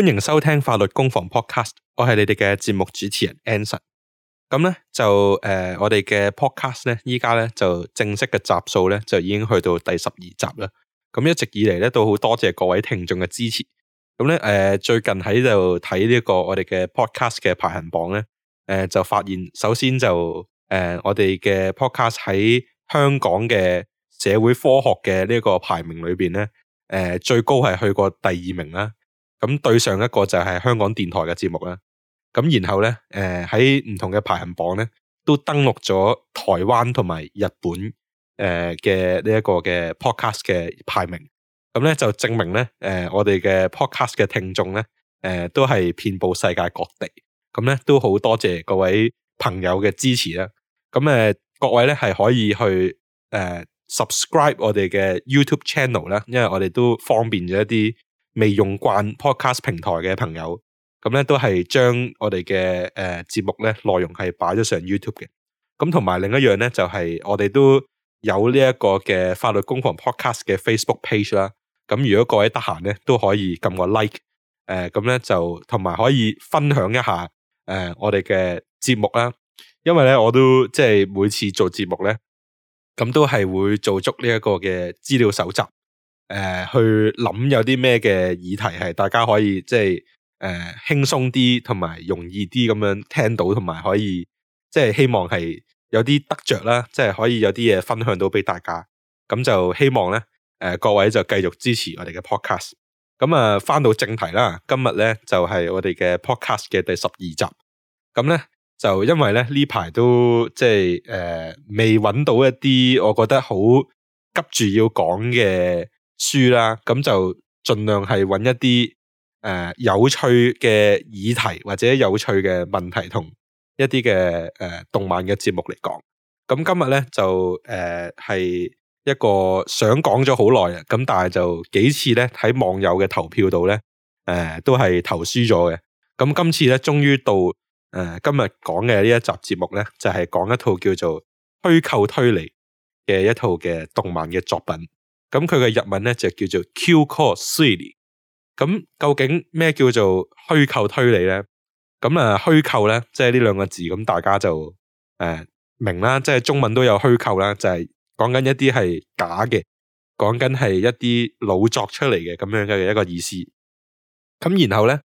歡迎收聽法律攻防 Podcast，我係你哋嘅節目主持人 Anson。咁咧就誒、呃，我哋嘅 Podcast 咧，依家咧就正式嘅集數咧，就已經去到第十二集啦。咁一直以嚟咧，都好多謝各位聽眾嘅支持。咁咧誒，最近喺度睇呢個我哋嘅 Podcast 嘅排行榜咧，誒、呃、就發現，首先就誒、呃、我哋嘅 Podcast 喺香港嘅社會科學嘅呢個排名裏邊咧，誒、呃、最高係去過第二名啦。咁對上一個就係香港電台嘅節目啦，咁然後咧，誒喺唔同嘅排行榜咧，都登錄咗台灣同埋日本誒嘅呢一個嘅 podcast 嘅排名，咁咧就證明咧，誒、呃、我哋嘅 podcast 嘅聽眾咧，誒、呃、都係遍佈世界各地，咁咧都好多謝各位朋友嘅支持啦，咁誒各位咧係可以去誒 subscribe、呃、我哋嘅 YouTube channel 啦，因為我哋都方便咗一啲。未用慣 Podcast 平台嘅朋友，咁咧都係將我哋嘅誒節目咧內容係擺咗上 YouTube 嘅。咁同埋另一樣咧，就係我哋都有呢一個嘅法律攻防 Podcast 嘅 Facebook page 啦。咁如果各位得閒咧，都可以撳個 Like，誒咁咧就同埋可以分享一下誒我哋嘅節目啦。因為咧我都即係每次做節目咧，咁都係會做足呢一個嘅資料搜集。誒、呃，去諗有啲咩嘅議題係大家可以即係誒輕鬆啲，同埋容易啲咁樣聽到，同埋可以即係希望係有啲得着啦，即係可以有啲嘢分享到俾大家。咁就希望咧，誒、呃、各位就繼續支持我哋嘅 podcast。咁啊，返到正題啦，今日咧就係、是、我哋嘅 podcast 嘅第十二集。咁咧就因為咧呢排都即係誒、呃、未揾到一啲我覺得好急住要講嘅。書啦，咁就盡量係揾一啲誒、呃、有趣嘅議題或者有趣嘅問題同一啲嘅誒動漫嘅節目嚟講。咁今日咧就誒係、呃、一個想講咗好耐嘅，咁但係就幾次咧喺網友嘅投票度咧誒都係投輸咗嘅。咁今次咧終於到誒、呃、今日講嘅呢一集節目咧就係、是、講一套叫做虛構推理嘅一套嘅動漫嘅作品。咁佢嘅日文咧就叫做 Kyokou Suiri。咁究竟咩叫做虛構推理咧？咁啊虛構咧，即係呢兩個字，咁大家就誒、呃、明啦。即係中文都有虛構啦，就係講緊一啲係假嘅，講緊係一啲老作出嚟嘅咁樣嘅一個意思。咁然後咧，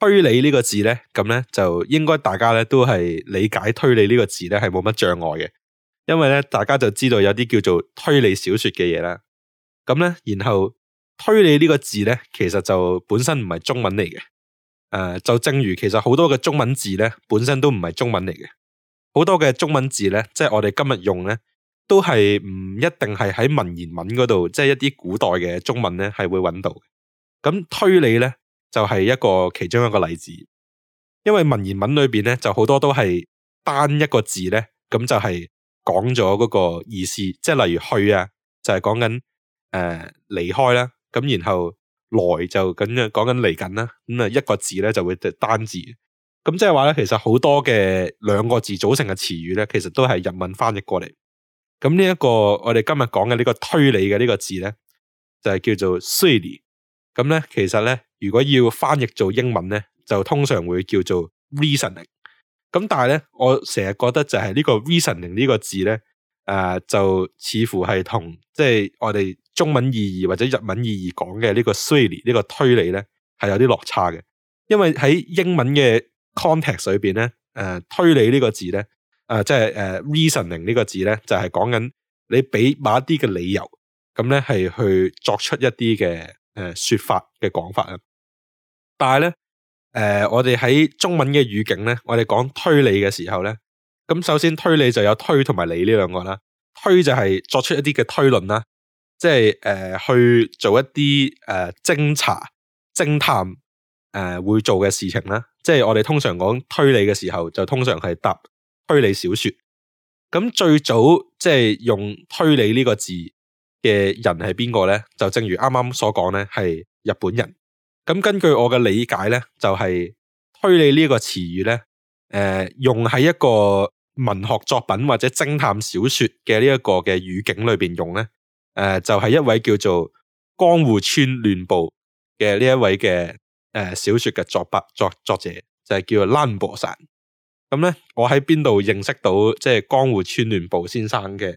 推理呢個字咧，咁咧就應該大家咧都係理解推理呢個字咧係冇乜障礙嘅，因為咧大家就知道有啲叫做推理小說嘅嘢啦。咁咧，然後推理呢個字咧，其實就本身唔係中文嚟嘅。誒，就正如其實好多嘅中文字咧，本身都唔係中文嚟嘅。好多嘅中文字咧，即係我哋今日用咧，都係唔一定係喺文言文嗰度，即係一啲古代嘅中文咧，係會揾到。咁推理咧，就係一個其中一個例子，因為文言文裏邊咧，就好多都係單一個字咧，咁就係講咗嗰個意思。即係例如去啊，就係講緊。誒、呃，離開啦，咁然後來就咁樣講緊嚟緊啦，咁啊一個字咧就會單字，咁即係話咧，其實好多嘅兩個字組成嘅詞語咧，其實都係日文翻譯過嚟。咁呢一個我哋今日講嘅呢個推理嘅呢個字咧，就係叫做推理。咁咧其實咧，如果要翻譯做英文咧，就通常會叫做 reasoning。咁但係咧，我成日覺得就係呢個 reasoning 呢個字咧。誒、呃，就似乎係同即係、就是、我哋中文意義或者日文意義講嘅呢個推理呢個推理咧，係有啲落差嘅。因為喺英文嘅 context 裏邊咧，誒、呃，推理呢個字咧，誒、呃，即係誒 reasoning 呢個字咧，就係講緊你俾某一啲嘅理由，咁咧係去作出一啲嘅誒說法嘅講法啊。但係咧，誒，我哋喺中文嘅語境咧，我哋講推理嘅時候咧。咁首先推理就有推同埋理呢兩個啦，推就係作出一啲嘅推論啦，即係誒、呃、去做一啲誒偵查、偵探誒、呃、會做嘅事情啦。即係我哋通常講推理嘅時候，就通常係答推理小說。咁最早即係用推理呢個字嘅人係邊個咧？就正如啱啱所講咧，係日本人。咁根據我嘅理解咧，就係、是、推理呢個詞語咧，誒、呃、用喺一個。文學作品或者偵探小說嘅呢一個嘅語境裏邊用咧，誒、呃、就係、是、一位叫做《江戶川亂步」嘅呢一位嘅誒、呃、小說嘅作筆作作者，作者就係、是、叫做 l a m b 蘭博山。咁、嗯、咧，我喺邊度認識到即係《就是、江戶川亂步」先生嘅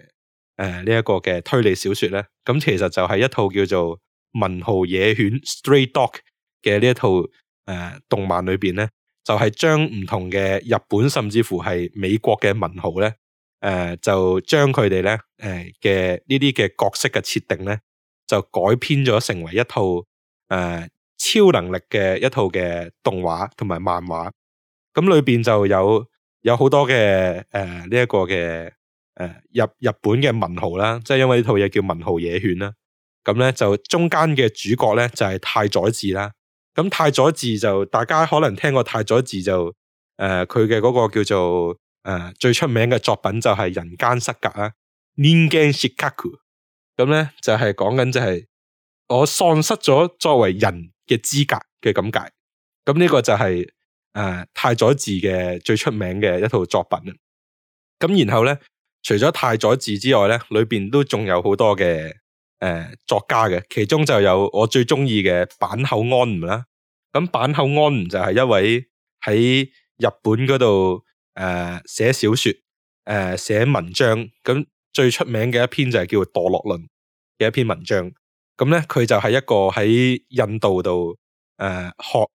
誒呢一個嘅推理小說咧？咁、嗯、其實就係一套叫做《文豪野犬》（Stray Dogs） 嘅呢一套誒、呃、動漫裏邊咧。就係將唔同嘅日本甚至乎係美國嘅文豪咧，誒、呃，就將佢哋咧，誒嘅呢啲嘅角色嘅設定咧，就改編咗成為一套誒、呃、超能力嘅一套嘅動畫同埋漫畫。咁裏邊就有有好多嘅誒呢一個嘅誒日日本嘅文豪啦，即係因為呢套嘢叫文豪野犬啦。咁咧就中間嘅主角咧就係、是、太宰治啦。咁太宰治就，大家可能聽過太宰治就，誒佢嘅嗰個叫做誒、呃、最出名嘅作品就係、是、人間失格啦，Ningen Shikaku，咁咧就係講緊就係我喪失咗作為人嘅資格嘅咁解，咁呢個就係誒太宰治嘅最出名嘅一套作品。咁然後咧，除咗太宰治之外咧，裏邊都仲有好多嘅。誒、呃，作家嘅其中就有我最中意嘅坂口安吾啦。咁坂口安吾就係一位喺日本嗰度誒寫小說、誒、呃、寫文章。咁最出名嘅一篇就係叫做《墮落論》嘅一篇文章。咁、嗯、咧，佢就係一個喺印度度誒、呃、學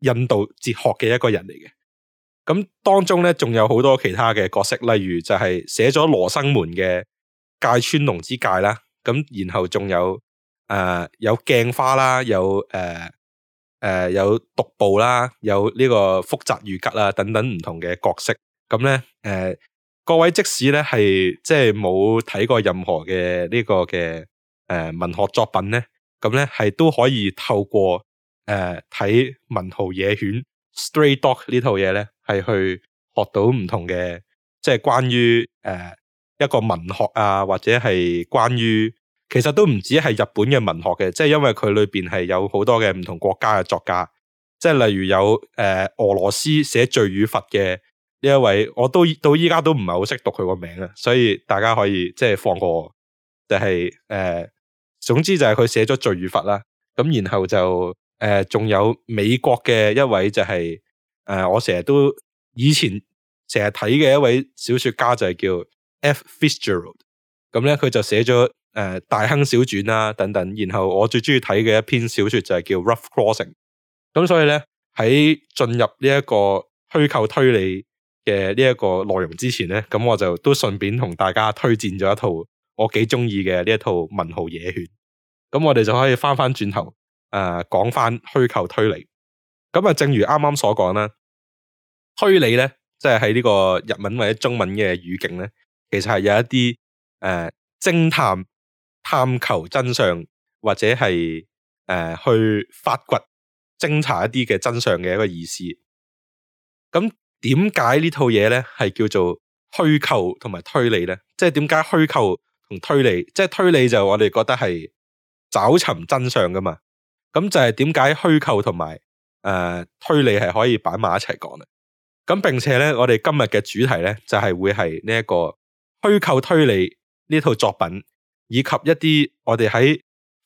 印度哲學嘅一個人嚟嘅。咁、嗯、當中咧仲有好多其他嘅角色，例如就係寫咗《羅生門》嘅芥川龍之介啦。咁然後仲有誒、呃、有鏡花啦，有誒誒、呃呃、有獨步啦，有呢個福澤諭吉啦，等等唔同嘅角色。咁咧誒各位即使咧係即係冇睇過任何嘅呢、這個嘅誒、呃、文學作品咧，咁咧係都可以透過誒睇《呃、文豪野犬》St《Stray Dog》呢套嘢咧，係去學到唔同嘅即係關於誒。呃一個文學啊，或者係關於，其實都唔止係日本嘅文學嘅，即係因為佢裏邊係有好多嘅唔同國家嘅作家，即係例如有誒、呃、俄羅斯寫《罪與罰》嘅呢一位，我都到依家都唔係好識讀佢個名啊，所以大家可以即係放過，但係誒，總之就係佢寫咗《罪與罰》啦。咁然後就誒，仲、呃、有美國嘅一位就係、是、誒、呃，我成日都以前成日睇嘅一位小說家就係叫。F. Fitzgerald 咁咧，佢就寫咗誒大亨小傳啦等等。然後我最中意睇嘅一篇小說就係叫 Rough Crossing。咁所以咧，喺進入呢一個虛構推理嘅呢一個內容之前咧，咁我就都順便同大家推薦咗一套我幾中意嘅呢一套文豪野犬。咁我哋就可以翻翻轉頭誒、呃、講翻虛構推理。咁啊，正如啱啱所講啦，推理咧即係喺呢、就是、個日文或者中文嘅語境咧。其實係有一啲誒，偵探探求真相，或者係誒去發掘、偵查一啲嘅真相嘅一個意思。咁點解呢套嘢咧係叫做虛構同埋推理咧？即係點解虛構同推理？即係推理就我哋覺得係找尋真相噶嘛？咁就係點解虛構同埋誒推理係可以擺埋一齊講咧？咁並且咧，我哋今日嘅主題咧就係會係呢一個。虛構推理呢套作品，以及一啲我哋喺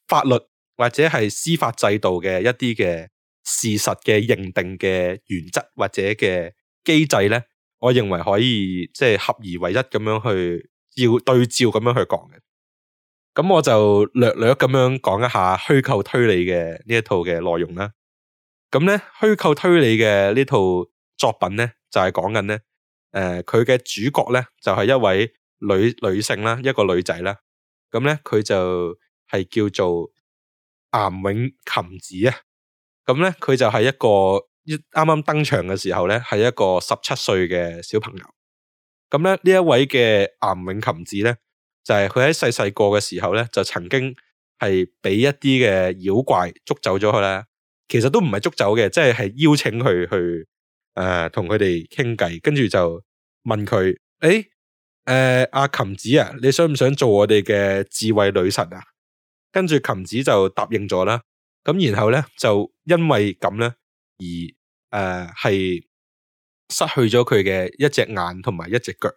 法律或者係司法制度嘅一啲嘅事實嘅認定嘅原則或者嘅機制咧，我認為可以即係合而為一咁樣去要對照咁樣去講嘅。咁我就略略咁樣講一下虛構推理嘅呢一套嘅內容啦。咁咧，虛構推理嘅呢套作品咧，就係、是、講緊咧，誒、呃，佢嘅主角咧就係、是、一位。女女性啦，一個女仔啦，咁咧佢就係叫做岩永琴子啊，咁咧佢就係一個啱啱登場嘅時候咧，係一個十七歲嘅小朋友。咁咧呢一位嘅岩永琴子咧，就係佢喺細細個嘅時候咧，就曾經係俾一啲嘅妖怪捉走咗佢咧。其實都唔係捉走嘅，即係係邀請佢去誒同佢哋傾偈，跟住就問佢誒。誒，阿、呃啊、琴子啊，你想唔想做我哋嘅智慧女神啊？跟住琴子就答應咗啦。咁然後咧就因為咁咧而誒係、呃、失去咗佢嘅一隻眼同埋一隻腳。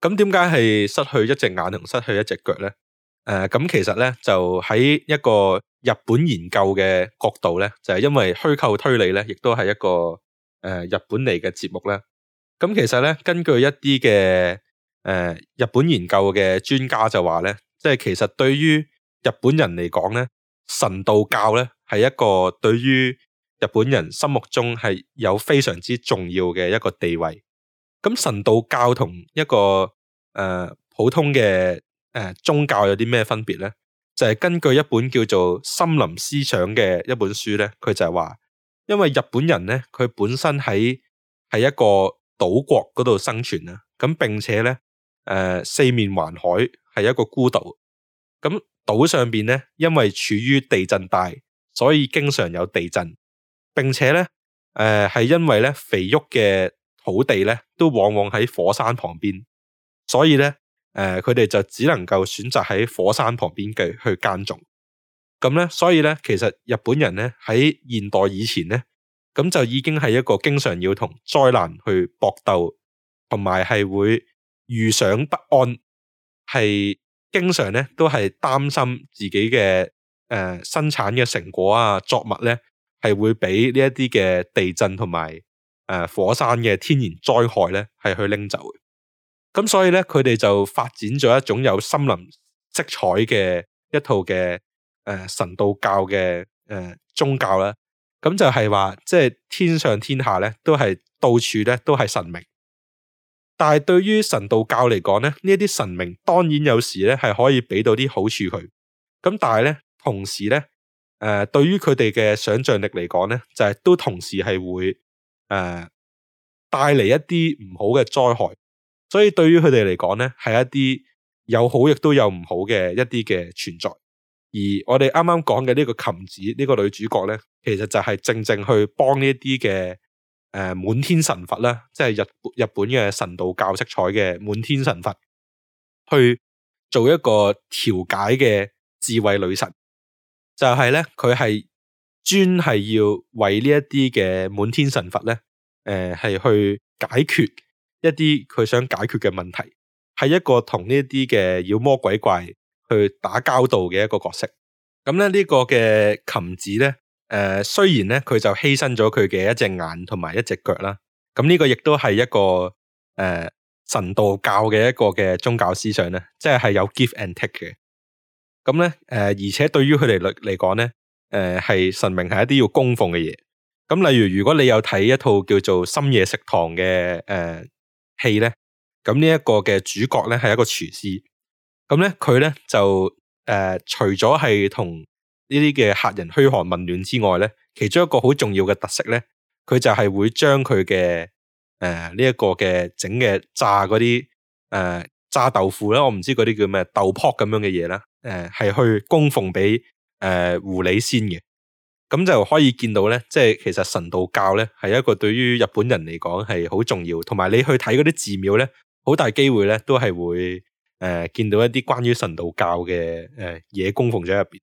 咁點解係失去一隻眼同失去一隻腳咧？誒、呃，咁其實咧就喺一個日本研究嘅角度咧，就係、是、因為虛構推理咧，亦都係一個誒、呃、日本嚟嘅節目咧。咁其實咧根據一啲嘅。誒，日本研究嘅專家就話咧，即係其實對於日本人嚟講咧，神道教咧係一個對於日本人心目中係有非常之重要嘅一個地位。咁神道教同一個誒、呃、普通嘅誒宗教有啲咩分別咧？就係、是、根據一本叫做《森林思想》嘅一本書咧，佢就係話，因為日本人咧，佢本身喺係一個島國嗰度生存啦，咁並且咧。誒、呃，四面環海係一個孤島，咁島上邊咧，因為處於地震帶，所以經常有地震，並且咧，誒、呃、係因為咧肥沃嘅土地咧，都往往喺火山旁邊，所以咧，誒佢哋就只能夠選擇喺火山旁邊嘅去耕種，咁咧，所以咧，其實日本人咧喺現代以前咧，咁就已經係一個經常要同災難去搏鬥，同埋係會。遇上不安，係經常咧都係擔心自己嘅誒、呃、生產嘅成果啊，作物咧係會俾呢一啲嘅地震同埋誒火山嘅天然災害咧係去拎走嘅。咁所以咧，佢哋就發展咗一種有森林色彩嘅一套嘅誒、呃、神道教嘅誒、呃、宗教啦。咁就係話，即係天上天下咧都係到處咧都係神明。但係對於神道教嚟講咧，呢一啲神明當然有時咧係可以俾到啲好處佢，咁但係咧同時咧誒、呃，對於佢哋嘅想象力嚟講咧，就係、係、都同時係會誒、呃、帶嚟一啲唔好嘅災害，所以對於佢哋嚟講咧係一啲有好亦都有唔好嘅一啲嘅存在。而我哋啱啱講嘅呢個琴子呢、呢個女主角咧，其實就係正正去幫呢一啲嘅。誒，滿天神佛啦，即係日日本嘅神道教色彩嘅滿天神佛，去做一個調解嘅智慧女神，就係咧，佢係專係要為呢一啲嘅滿天神佛咧，誒，係去解決一啲佢想解決嘅問題，係一個同呢一啲嘅妖魔鬼怪去打交道嘅一個角色。咁咧呢個嘅琴子咧。嗯嗯嗯嗯誒、呃，雖然咧佢就犧牲咗佢嘅一隻眼同埋一隻腳啦，咁呢個亦都係一個誒、呃、神道教嘅一個嘅宗教思想咧，即係係有 give and take 嘅。咁咧，誒、呃、而且對於佢哋嚟嚟講咧，誒、呃、係神明係一啲要供奉嘅嘢。咁例如如果你有睇一套叫做《深夜食堂》嘅誒戲咧，咁呢一個嘅主角咧係一個廚師，咁咧佢咧就誒、呃、除咗係同呢啲嘅客人噓寒問暖之外咧，其中一個好重要嘅特色咧，佢就係會將佢嘅誒呢一個嘅整嘅炸嗰啲誒炸豆腐啦，我唔知嗰啲叫咩豆卜咁樣嘅嘢啦，誒、呃、係去供奉俾誒、呃、狐狸仙嘅，咁就可以見到咧，即係其實神道教咧係一個對於日本人嚟講係好重要，同埋你去睇嗰啲寺廟咧，好大機會咧都係會誒、呃、見到一啲關於神道教嘅誒嘢供奉咗入邊。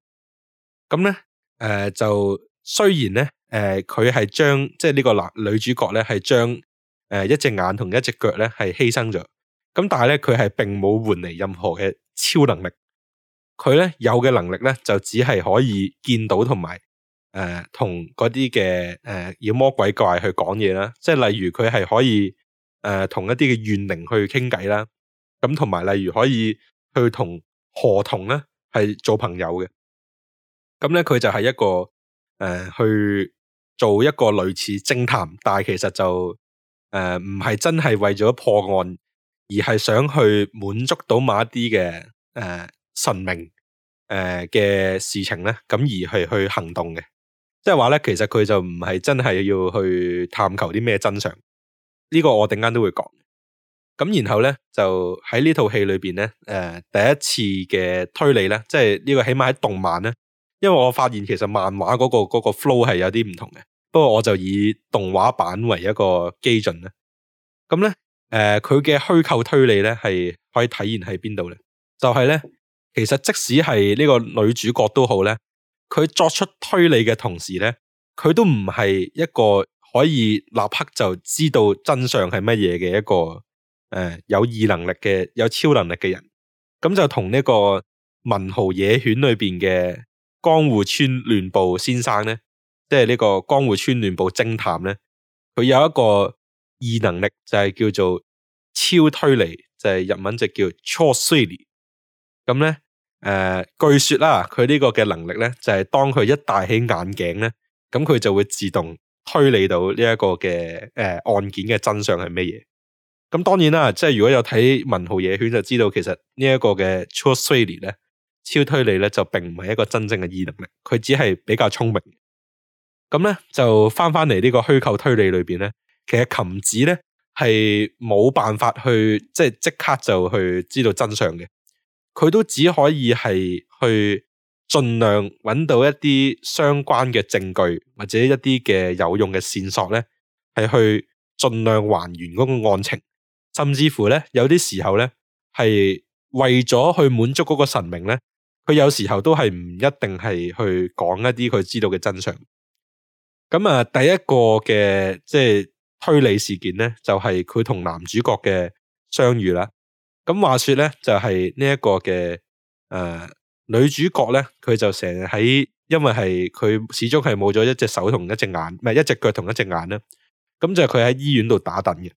咁咧，誒、呃，就雖然咧，誒、呃，佢係將即係呢個男女主角咧，係將誒、呃、一隻眼同一隻腳咧係犧牲咗，咁但係咧佢係並冇換嚟任何嘅超能力，佢咧有嘅能力咧就只係可以見到同埋誒同嗰啲嘅誒妖魔鬼怪去講嘢啦，即係例如佢係可以誒同、呃、一啲嘅怨靈去傾偈啦，咁同埋例如可以去同河童咧係做朋友嘅。咁咧，佢就係一個誒、呃，去做一個類似偵探，但係其實就誒唔係真係為咗破案，而係想去滿足到某一啲嘅誒神明誒嘅、呃、事情咧，咁而去去行動嘅，即係話咧，其實佢就唔係真係要去探求啲咩真相，呢、這個我等陣都會講。咁然後咧，就喺呢套戲裏邊咧，誒、呃、第一次嘅推理咧，即係呢個起碼喺動漫咧。因為我發現其實漫畫嗰，那個嗰，那個 flow 係有啲唔同嘅，不過我就以動畫版為一個基準啦。咁咧，誒、呃，佢嘅虛構推理咧係可以體現喺邊度咧？就係、是、咧，其實即使係呢個女主角都好咧，佢作出推理嘅同時咧，佢都唔係一個可以立刻就知道真相係乜嘢嘅一個誒、呃、有異能力嘅有超能力嘅人。咁就同呢個文豪野犬裏邊嘅。江戶川亂步先生咧，即係呢個江戶川亂步偵探咧，佢有一個異能力就係叫做超推理，就係、是、日文就叫超推理。咁咧，誒、呃，據說啦，佢呢個嘅能力咧，就係、是、當佢一戴起眼鏡咧，咁佢就會自動推理到呢一個嘅誒、呃、案件嘅真相係乜嘢。咁當然啦，即係如果有睇文豪野犬就知道，其實這呢一個嘅超推理咧，超推理咧就並唔係一個真正嘅異能力，佢只係比較聰明呢。咁咧就翻翻嚟呢個虛構推理裏邊咧，其實琴子咧係冇辦法去即係即刻就去知道真相嘅，佢都只可以係去盡量揾到一啲相關嘅證據或者一啲嘅有用嘅線索咧，係去盡量還原嗰個案情，甚至乎咧有啲時候咧係為咗去滿足嗰個神明咧。佢有時候都係唔一定係去講一啲佢知道嘅真相。咁啊，第一個嘅即係推理事件咧，就係佢同男主角嘅相遇啦。咁話說咧，就係呢一個嘅誒、呃、女主角咧，佢就成日喺因為係佢始終係冇咗一隻手同一隻眼，唔係一隻腳同一隻眼啦。咁就佢喺醫院度打躉嘅。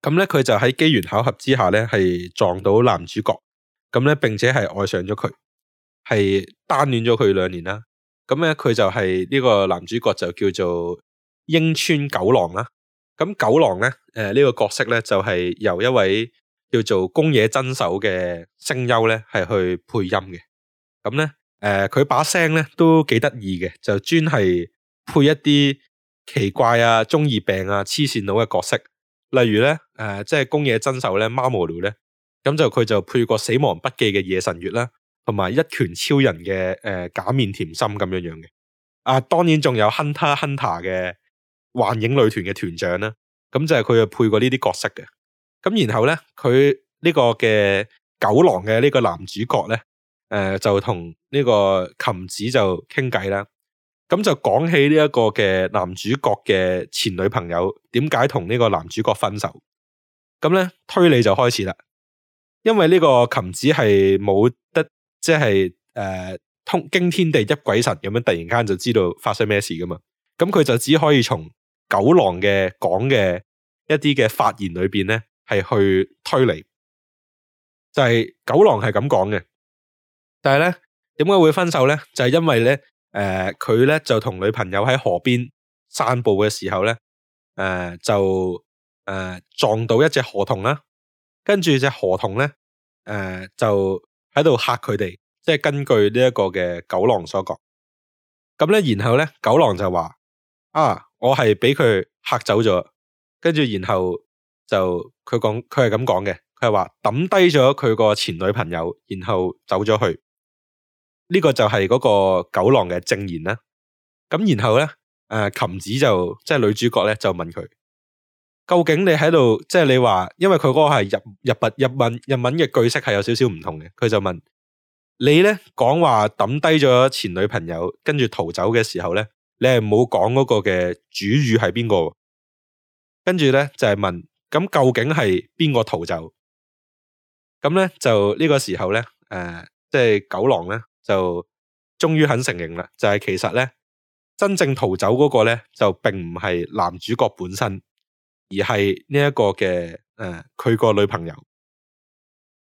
咁咧，佢就喺機緣巧合之下咧，係撞到男主角。咁咧，並且係愛上咗佢。係單戀咗佢兩年啦，咁咧佢就係呢個男主角就叫做櫻川九郎啦。咁九郎咧，誒、呃、呢、這個角色咧就係、是、由一位叫做宮野真守嘅聲優咧係去配音嘅。咁咧，誒佢把聲咧都幾得意嘅，就專係配一啲奇怪啊、中二病啊、黐線佬嘅角色。例如咧，誒、呃、即係宮野真守咧，貓無聊咧，咁就佢就配過死亡筆記嘅夜神月啦。同埋一拳超人嘅，誒、呃、假面甜心咁樣樣嘅，啊當然仲有 Hunter Hunter 嘅幻影女團嘅團長啦，咁就係佢又配過呢啲角色嘅，咁然後咧佢呢個嘅九郎嘅呢個男主角咧，誒、呃、就同呢個琴子就傾偈啦，咁就講起呢一個嘅男主角嘅前女朋友點解同呢個男主角分手，咁咧推理就開始啦，因為呢個琴子係冇得。即係誒、啊，通驚天地泣鬼神咁樣，突然間就知道發生咩事噶嘛？咁佢就只可以從九郎嘅講嘅一啲嘅發言裏邊咧，係去推理。就係九郎係咁講嘅，但係咧點解會分手咧？就係、是、因為咧誒，佢、呃、咧就同女朋友喺河邊散步嘅時候咧，誒、呃、就誒、呃、撞到一隻河童啦，跟住隻河童咧誒、呃、就。喺度吓佢哋，即係根據呢一個嘅九郎所講，咁咧然後咧九郎就話啊，我係俾佢吓走咗，跟住然後就佢講，佢係咁講嘅，佢係話抌低咗佢個前女朋友，然後走咗去，呢、這個就係嗰個九郎嘅證言啦。咁然後咧，誒、呃、琴子就即係女主角咧就問佢。究竟你喺度即係你話，因為佢嗰個係日日文日文日文嘅句式係有少少唔同嘅。佢就問你咧，講話抌低咗前女朋友，跟住逃走嘅時候咧，你係冇講嗰個嘅主語係邊個？跟住咧就係問，咁究竟係邊個逃走？咁咧就呢個時候咧，誒、呃，即係九郎咧就終於肯承認啦，就係其實咧真正逃走嗰個咧就並唔係男主角本身。而係呢一個嘅誒，佢、呃、個女朋友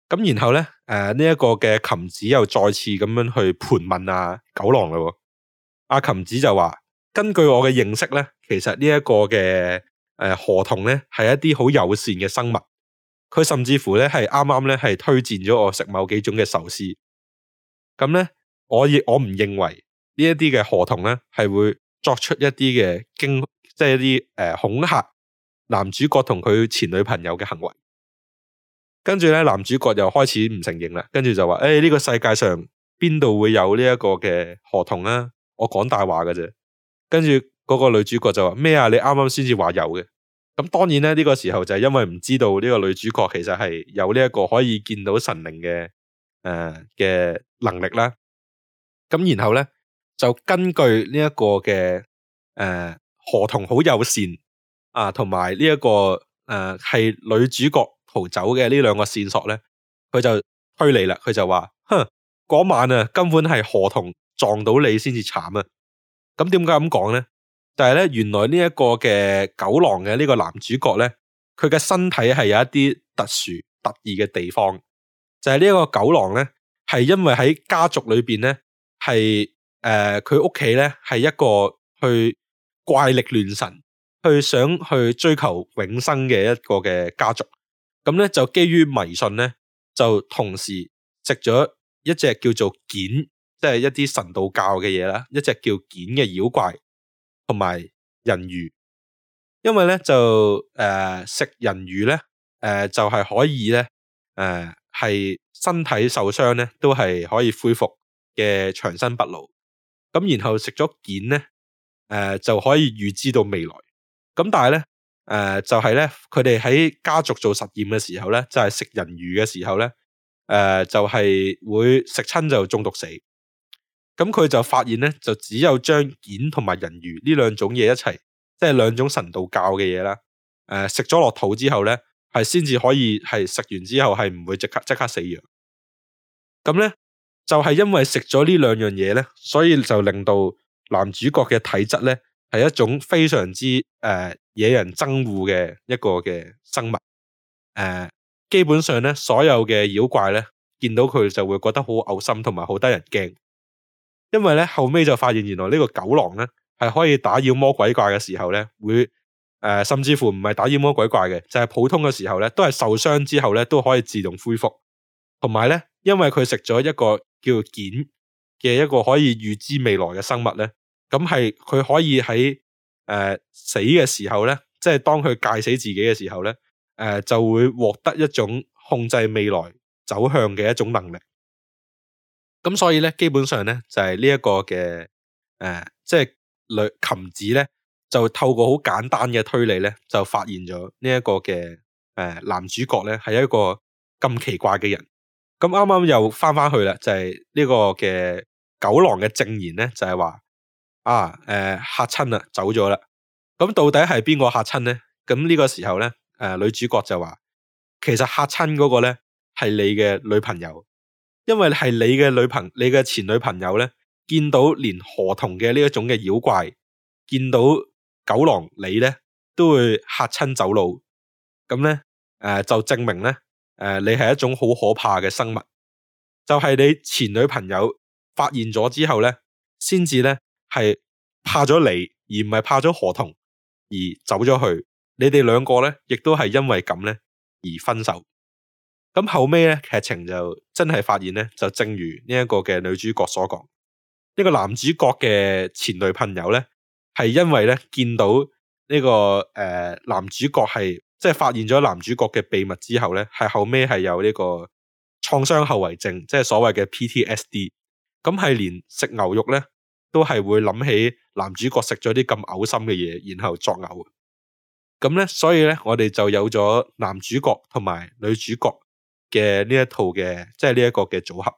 咁，然後咧誒呢一、呃這個嘅琴子又再次咁樣去盤問啊九郎啦，阿、啊、琴子就話：根據我嘅認識咧，其實的、呃、呢是一個嘅誒河童咧係一啲好友善嘅生物，佢甚至乎咧係啱啱咧係推薦咗我食某幾種嘅壽司。咁咧，我亦我唔認為呢一啲嘅河童咧係會作出一啲嘅驚，即、就、係、是、一啲誒、呃、恐嚇。男主角同佢前女朋友嘅行為，跟住咧男主角又開始唔承認啦，跟住就話：誒、欸、呢、這個世界上邊度會有這的呢一個嘅河童啊？我講大話㗎。」啫。跟住嗰個女主角就話：咩啊？你啱啱先至話有嘅。咁當然咧呢、這個時候就係因為唔知道呢個女主角其實係有呢一個可以見到神靈嘅誒嘅能力啦。咁然後咧就根據呢一個嘅誒河童好友善，啊，同埋呢一個誒係、呃、女主角逃走嘅呢兩個線索咧，佢就推理啦，佢就話：哼，嗰晚啊根本係河童撞到你先至慘啊！咁點解咁講咧？但係咧，原來呢一個嘅九郎嘅呢個男主角咧，佢嘅身體係有一啲特殊、特異嘅地方，就係、是、呢一個九郎咧，係因為喺家族裏邊咧，係誒佢屋企咧係一個去怪力亂神。去想去追求永生嘅一個嘅家族，咁咧就基於迷信咧，就同時食咗一隻叫做件，即、就、係、是、一啲神道教嘅嘢啦，一隻叫件嘅妖怪同埋人魚，因為咧就誒食、呃、人魚咧，誒、呃、就係、是、可以咧，誒、呃、係身體受傷咧都係可以恢復嘅長生不老，咁然後食咗件咧，誒、呃、就可以預知到未來。咁但係咧，誒、呃，就係、是、咧，佢哋喺家族做實驗嘅時候咧，就係、是、食人魚嘅時候咧，誒、呃，就係、是、會食親就中毒死。咁佢就發現咧，就只有將蜆同埋人魚呢兩種嘢一齊，即、就、係、是、兩種神道教嘅嘢啦。誒、呃，食咗落肚之後咧，係先至可以係食完之後係唔會即刻即刻死嘅。咁咧就係、是、因為食咗呢兩樣嘢咧，所以就令到男主角嘅體質咧。係一種非常之誒惹人憎惡嘅一個嘅生物，誒、呃，基本上咧所有嘅妖怪咧見到佢就會覺得好嘔心同埋好得人驚，因為咧後尾就發現原來呢個九郎咧係可以打妖魔鬼怪嘅時候咧會誒、呃、甚至乎唔係打妖魔鬼怪嘅，就係、是、普通嘅時候咧都係受傷之後咧都可以自動恢復，同埋咧因為佢食咗一個叫做件嘅一個可以預知未來嘅生物咧。咁係佢可以喺誒、呃、死嘅時候咧，即係當佢戒死自己嘅時候咧，誒、呃、就會獲得一種控制未來走向嘅一種能力。咁所以咧，基本上咧就係呢一個嘅誒，即係女琴子咧就透過好簡單嘅推理咧，就發現咗呢一個嘅誒、呃、男主角咧係一個咁奇怪嘅人。咁啱啱又翻翻去啦，就係、是、呢個嘅九郎嘅證言咧，就係、是、話。啊！誒、呃，吓親啦，走咗啦。咁到底係邊個吓親咧？咁呢個時候咧，誒、呃，女主角就話：其實吓親嗰個咧係你嘅女朋友，因為係你嘅女朋，你嘅前女朋友咧見到連河童嘅呢一種嘅妖怪，見到九郎你咧都會吓親走路。咁咧，誒、呃，就證明咧，誒、呃，你係一種好可怕嘅生物，就係你前女朋友發現咗之後咧，先至咧。係怕咗你，而唔係怕咗何同而走咗去。你哋兩個咧，亦都係因為咁咧而分手。咁後尾咧，劇情就真係發現咧，就正如呢一個嘅女主角所講，呢個男主角嘅前女朋友咧，係因為咧見到呢個誒、呃、男主角係即係發現咗男主角嘅秘密之後咧，係後尾係有呢個創傷後遺症，即係所謂嘅 PTSD。咁係連食牛肉咧。都係會諗起男主角食咗啲咁嘔心嘅嘢，然後作嘔。咁咧，所以咧，我哋就有咗男主角同埋女主角嘅呢一套嘅，即係呢一個嘅組合。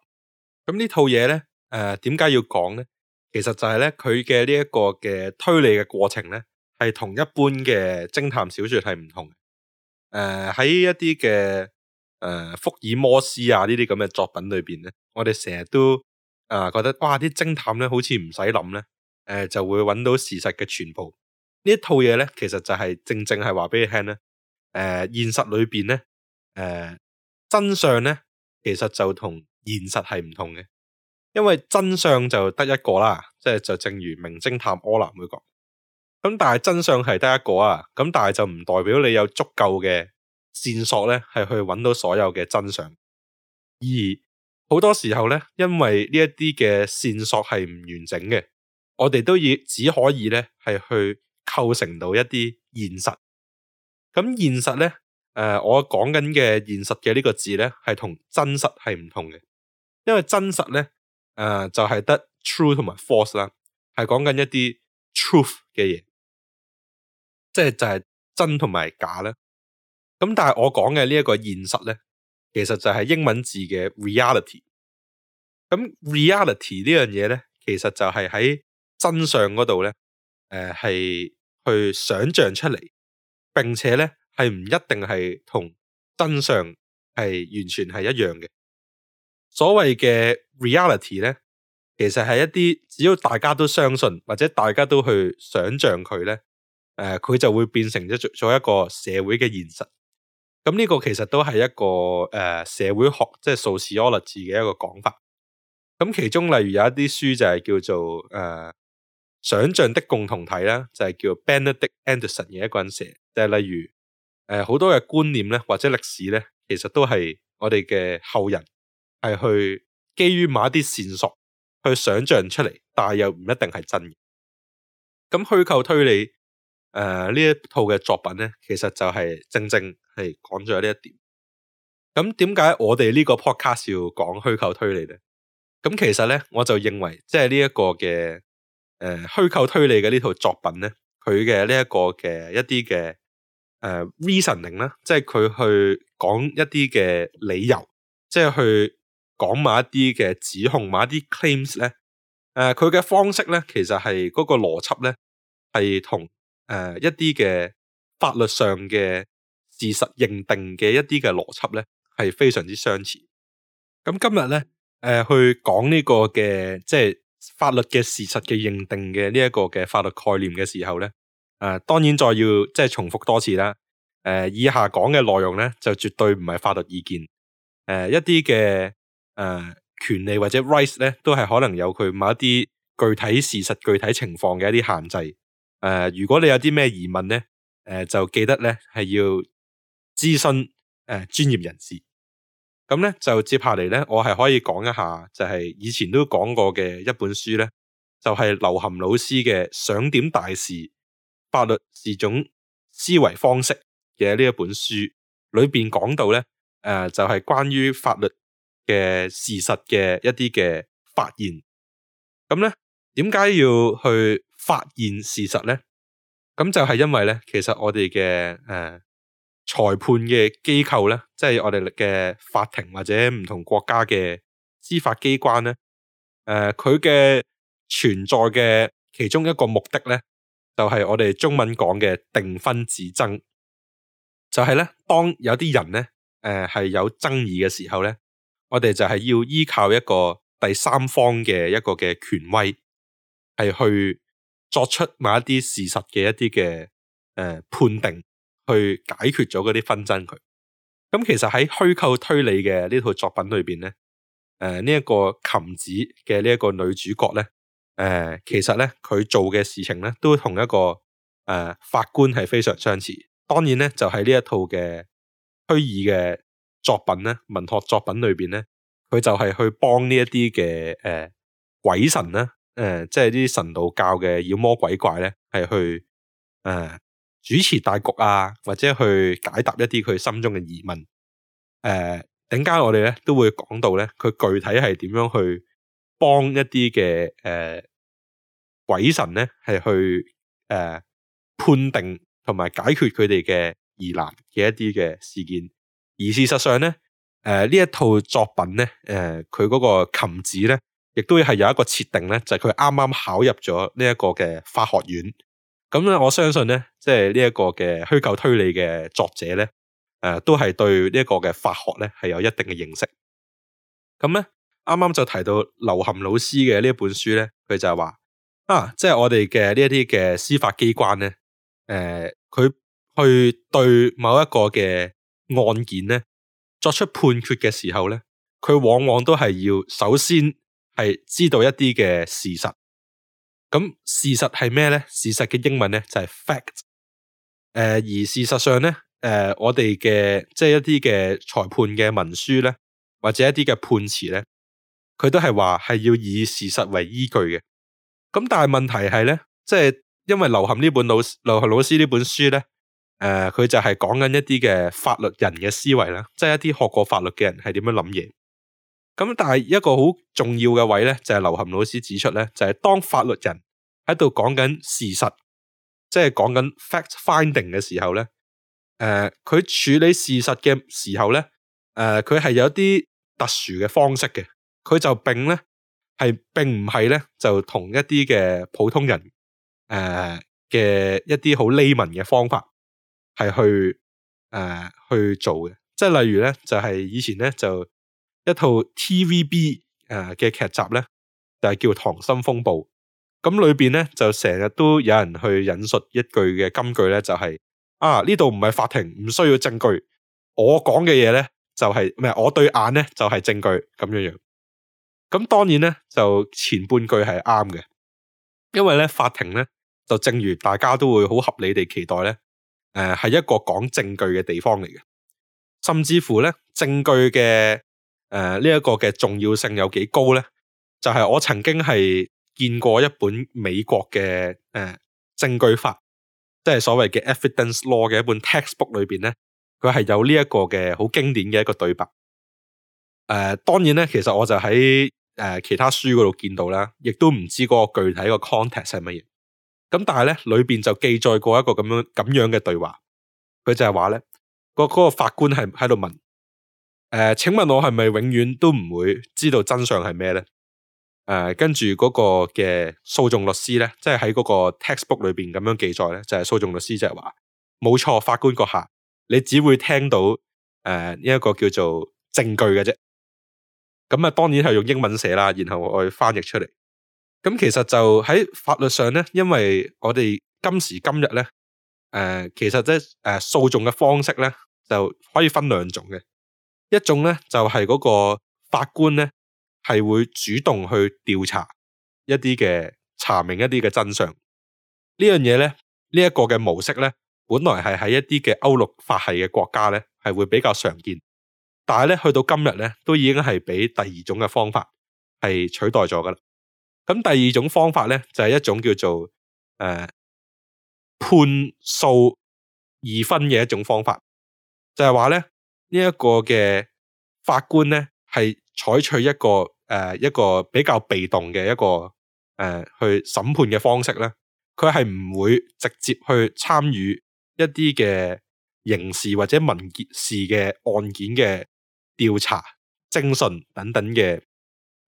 咁呢套嘢咧，誒、呃，點解要講咧？其實就係咧，佢嘅呢一個嘅推理嘅過程咧，係同一般嘅偵探小說係唔同嘅。誒、呃，喺一啲嘅誒福爾摩斯啊呢啲咁嘅作品裏邊咧，我哋成日都。啊，覺得哇啲偵探咧，好似唔使諗咧，誒就會揾到事實嘅全部。呢一套嘢咧，其實就係正正係話俾你聽咧。誒、呃，現實裏邊咧，誒、呃、真相咧，其實就同現實係唔同嘅。因為真相就得一個啦，即係就是、正如名偵探柯南會講。咁但係真相係得一個啊，咁但係就唔代表你有足夠嘅線索咧，係去揾到所有嘅真相，而。好多時候咧，因為呢一啲嘅線索係唔完整嘅，我哋都要只可以咧係去構成到一啲現實。咁現實咧，誒、呃，我講緊嘅現實嘅呢個字咧，係同真實係唔同嘅。因為真實咧，誒、呃，就係、是、得 true 同埋 false 啦，係講緊一啲 truth 嘅嘢，即係就係、是、真同埋假啦。咁但係我講嘅呢一個現實咧，其實就係英文字嘅 reality，咁 reality 呢樣嘢咧，其實就係喺真相嗰度咧，誒、呃、係去想象出嚟，並且咧係唔一定係同真相係完全係一樣嘅。所謂嘅 reality 咧，其實係一啲只要大家都相信或者大家都去想象佢咧，誒、呃、佢就會變成咗做一個社會嘅現實。咁呢個其實都係一個誒社會學即係 sociology 嘅一個講法。咁其中例如有一啲書就係叫做誒、呃、想象的共同體啦，就係、是、叫 Benedict Anderson 嘅一個人寫。即、就、係、是、例如誒好、呃、多嘅觀念咧或者歷史咧，其實都係我哋嘅後人係去基於某一啲線索去想象出嚟，但係又唔一定係真嘅。咁虛構推理。誒，呢、呃、一套嘅作品咧，其實就係正正係講咗呢一點。咁點解我哋呢個 podcast 要講虛構推理咧？咁其實咧，我就認為即係呢一個嘅誒、呃、虛構推理嘅呢套作品咧，佢嘅呢一個嘅一啲、呃、嘅誒 reasoning 呢，即係佢去講一啲嘅理由，即係去講某一啲嘅指控，某一啲 claims 咧。誒、呃，佢嘅方式咧，其實係嗰個邏輯咧係同。誒、呃，一啲嘅法律上嘅事實認定嘅一啲嘅邏輯咧，係非常之相似。咁今日咧，誒、呃、去講呢個嘅即係法律嘅事實嘅認定嘅呢一個嘅法律概念嘅時候咧，誒、呃，當然再要即係重複多次啦。誒、呃，以下講嘅內容咧，就絕對唔係法律意見。誒、呃，一啲嘅誒權利或者 right 咧，都係可能有佢某一啲具體事實、具體情況嘅一啲限制。誒、呃，如果你有啲咩疑問呢，誒、呃、就記得呢係要諮詢誒、呃、專業人士。咁呢，就接下嚟呢，我係可以講一下，就係以前都講過嘅一本書呢，就係、是、劉晗老師嘅《想點大事，法律是種思維方式》嘅呢一本書裏邊講到呢，誒、呃、就係、是、關於法律嘅事實嘅一啲嘅發現。咁呢，點解要去？發現事實咧，咁就係因為咧，其實我哋嘅誒裁判嘅機構咧，即係我哋嘅法庭或者唔同國家嘅司法機關咧，誒佢嘅存在嘅其中一個目的咧，就係、是、我哋中文講嘅定紛止爭，就係、是、咧當有啲人咧，誒、呃、係有爭議嘅時候咧，我哋就係要依靠一個第三方嘅一個嘅權威係去。作出某一啲事實嘅一啲嘅誒判定，去解決咗嗰啲紛爭佢。咁其實喺虛構推理嘅呢套作品裏邊咧，誒呢一個琴子嘅呢一個女主角咧，誒、呃、其實咧佢做嘅事情咧都同一個誒、呃、法官係非常相似。當然咧就喺、是、呢一套嘅虛擬嘅作品咧，文學作品裏邊咧，佢就係去幫呢一啲嘅誒鬼神咧。誒、呃，即係啲神道教嘅妖魔鬼怪咧，係去誒、呃、主持大局啊，或者去解答一啲佢心中嘅疑問。誒、呃，等陣我哋咧都會講到咧，佢具體係點樣去幫一啲嘅誒鬼神咧，係去誒、呃、判定同埋解決佢哋嘅疑難嘅一啲嘅事件。而事實上咧，誒、呃、呢一套作品咧，誒佢嗰個琴子咧。亦都係有一個設定咧，就佢啱啱考入咗呢一個嘅法學院。咁咧，我相信咧，即係呢一個嘅虛構推理嘅作者咧，誒、啊，都係對呢一個嘅法學咧係有一定嘅認識。咁咧，啱啱就提到劉涵老師嘅呢一本書咧，佢就係話啊，即係我哋嘅呢一啲嘅司法機關咧，誒、呃，佢去對某一個嘅案件咧作出判決嘅時候咧，佢往往都係要首先。係知道一啲嘅事實，咁事實係咩咧？事實嘅英文咧就係 fact、呃。誒，而事實上咧，誒、呃，我哋嘅即係一啲嘅裁判嘅文書咧，或者一啲嘅判詞咧，佢都係話係要以事實為依據嘅。咁但係問題係咧，即、就、係、是、因為劉晗呢本老劉晗老師呢本書咧，誒、呃，佢就係講緊一啲嘅法律人嘅思維啦，即、就、係、是、一啲學過法律嘅人係點樣諗嘢。咁但係一個好重要嘅位咧，就係劉涵老師指出咧，就係當法律人喺度講緊事實，即係講緊 fact finding 嘅時候咧，誒、呃，佢處理事實嘅時候咧，誒、呃，佢係有啲特殊嘅方式嘅，佢就並咧係並唔係咧就同一啲嘅普通人誒嘅、呃、一啲好匿 a 嘅方法係去誒、呃、去做嘅，即係例如咧就係、是、以前咧就一套 TVB 誒嘅劇集咧，就係叫《溏心風暴》，咁裏邊咧就成日都有人去引述一句嘅金句咧，就係啊，呢度唔係法庭，唔需要證據，我講嘅嘢咧就係咩？我對眼咧就係證據咁樣樣。咁當然咧就前半句係啱嘅，因為咧法庭咧就正如大家都會好合理地期待咧，誒、啊、係一個講證據嘅地方嚟嘅，甚至乎咧證據嘅。誒，呢一、呃這個嘅重要性有幾高咧？就係、是、我曾經係見過一本美國嘅誒、呃、證據法，即係所謂嘅 Evidence Law 嘅一本 textbook 裏邊咧，佢係有呢一個嘅好經典嘅一個對白。誒、呃，當然咧，其實我就喺誒、呃、其他書嗰度見到啦，亦都唔知嗰個具體個 context 係乜嘢。咁但係咧，裏邊就記載過一個咁樣咁樣嘅對話。佢就係話咧，個嗰、那個法官係喺度問。誒、呃，請問我係咪永遠都唔會知道真相係咩咧？誒、呃，跟住嗰個嘅訴訟律師咧，即係喺嗰個 textbook 裏邊咁樣記載咧，就係、是、訴訟律師就係話，冇錯，法官閣下，你只會聽到誒呢、呃、一個叫做證據嘅啫。咁啊，當然係用英文寫啦，然後我翻譯出嚟。咁其實就喺法律上咧，因為我哋今時今日咧，誒、呃，其實即係誒訴訟嘅方式咧，就可以分兩種嘅。一種咧就係、是、嗰個法官咧係會主動去調查一啲嘅查明一啲嘅真相、這個、呢樣嘢咧呢一個嘅模式咧本來係喺一啲嘅歐陸法係嘅國家咧係會比較常見，但係咧去到今日咧都已經係俾第二種嘅方法係取代咗噶啦。咁第二種方法咧就係、是、一種叫做誒、呃、判訴二分嘅一種方法，就係話咧。呢一個嘅法官咧，係採取一個誒、呃、一個比較被動嘅一個誒、呃、去審判嘅方式咧，佢係唔會直接去參與一啲嘅刑事或者民事嘅案件嘅調查、偵訊等等嘅誒、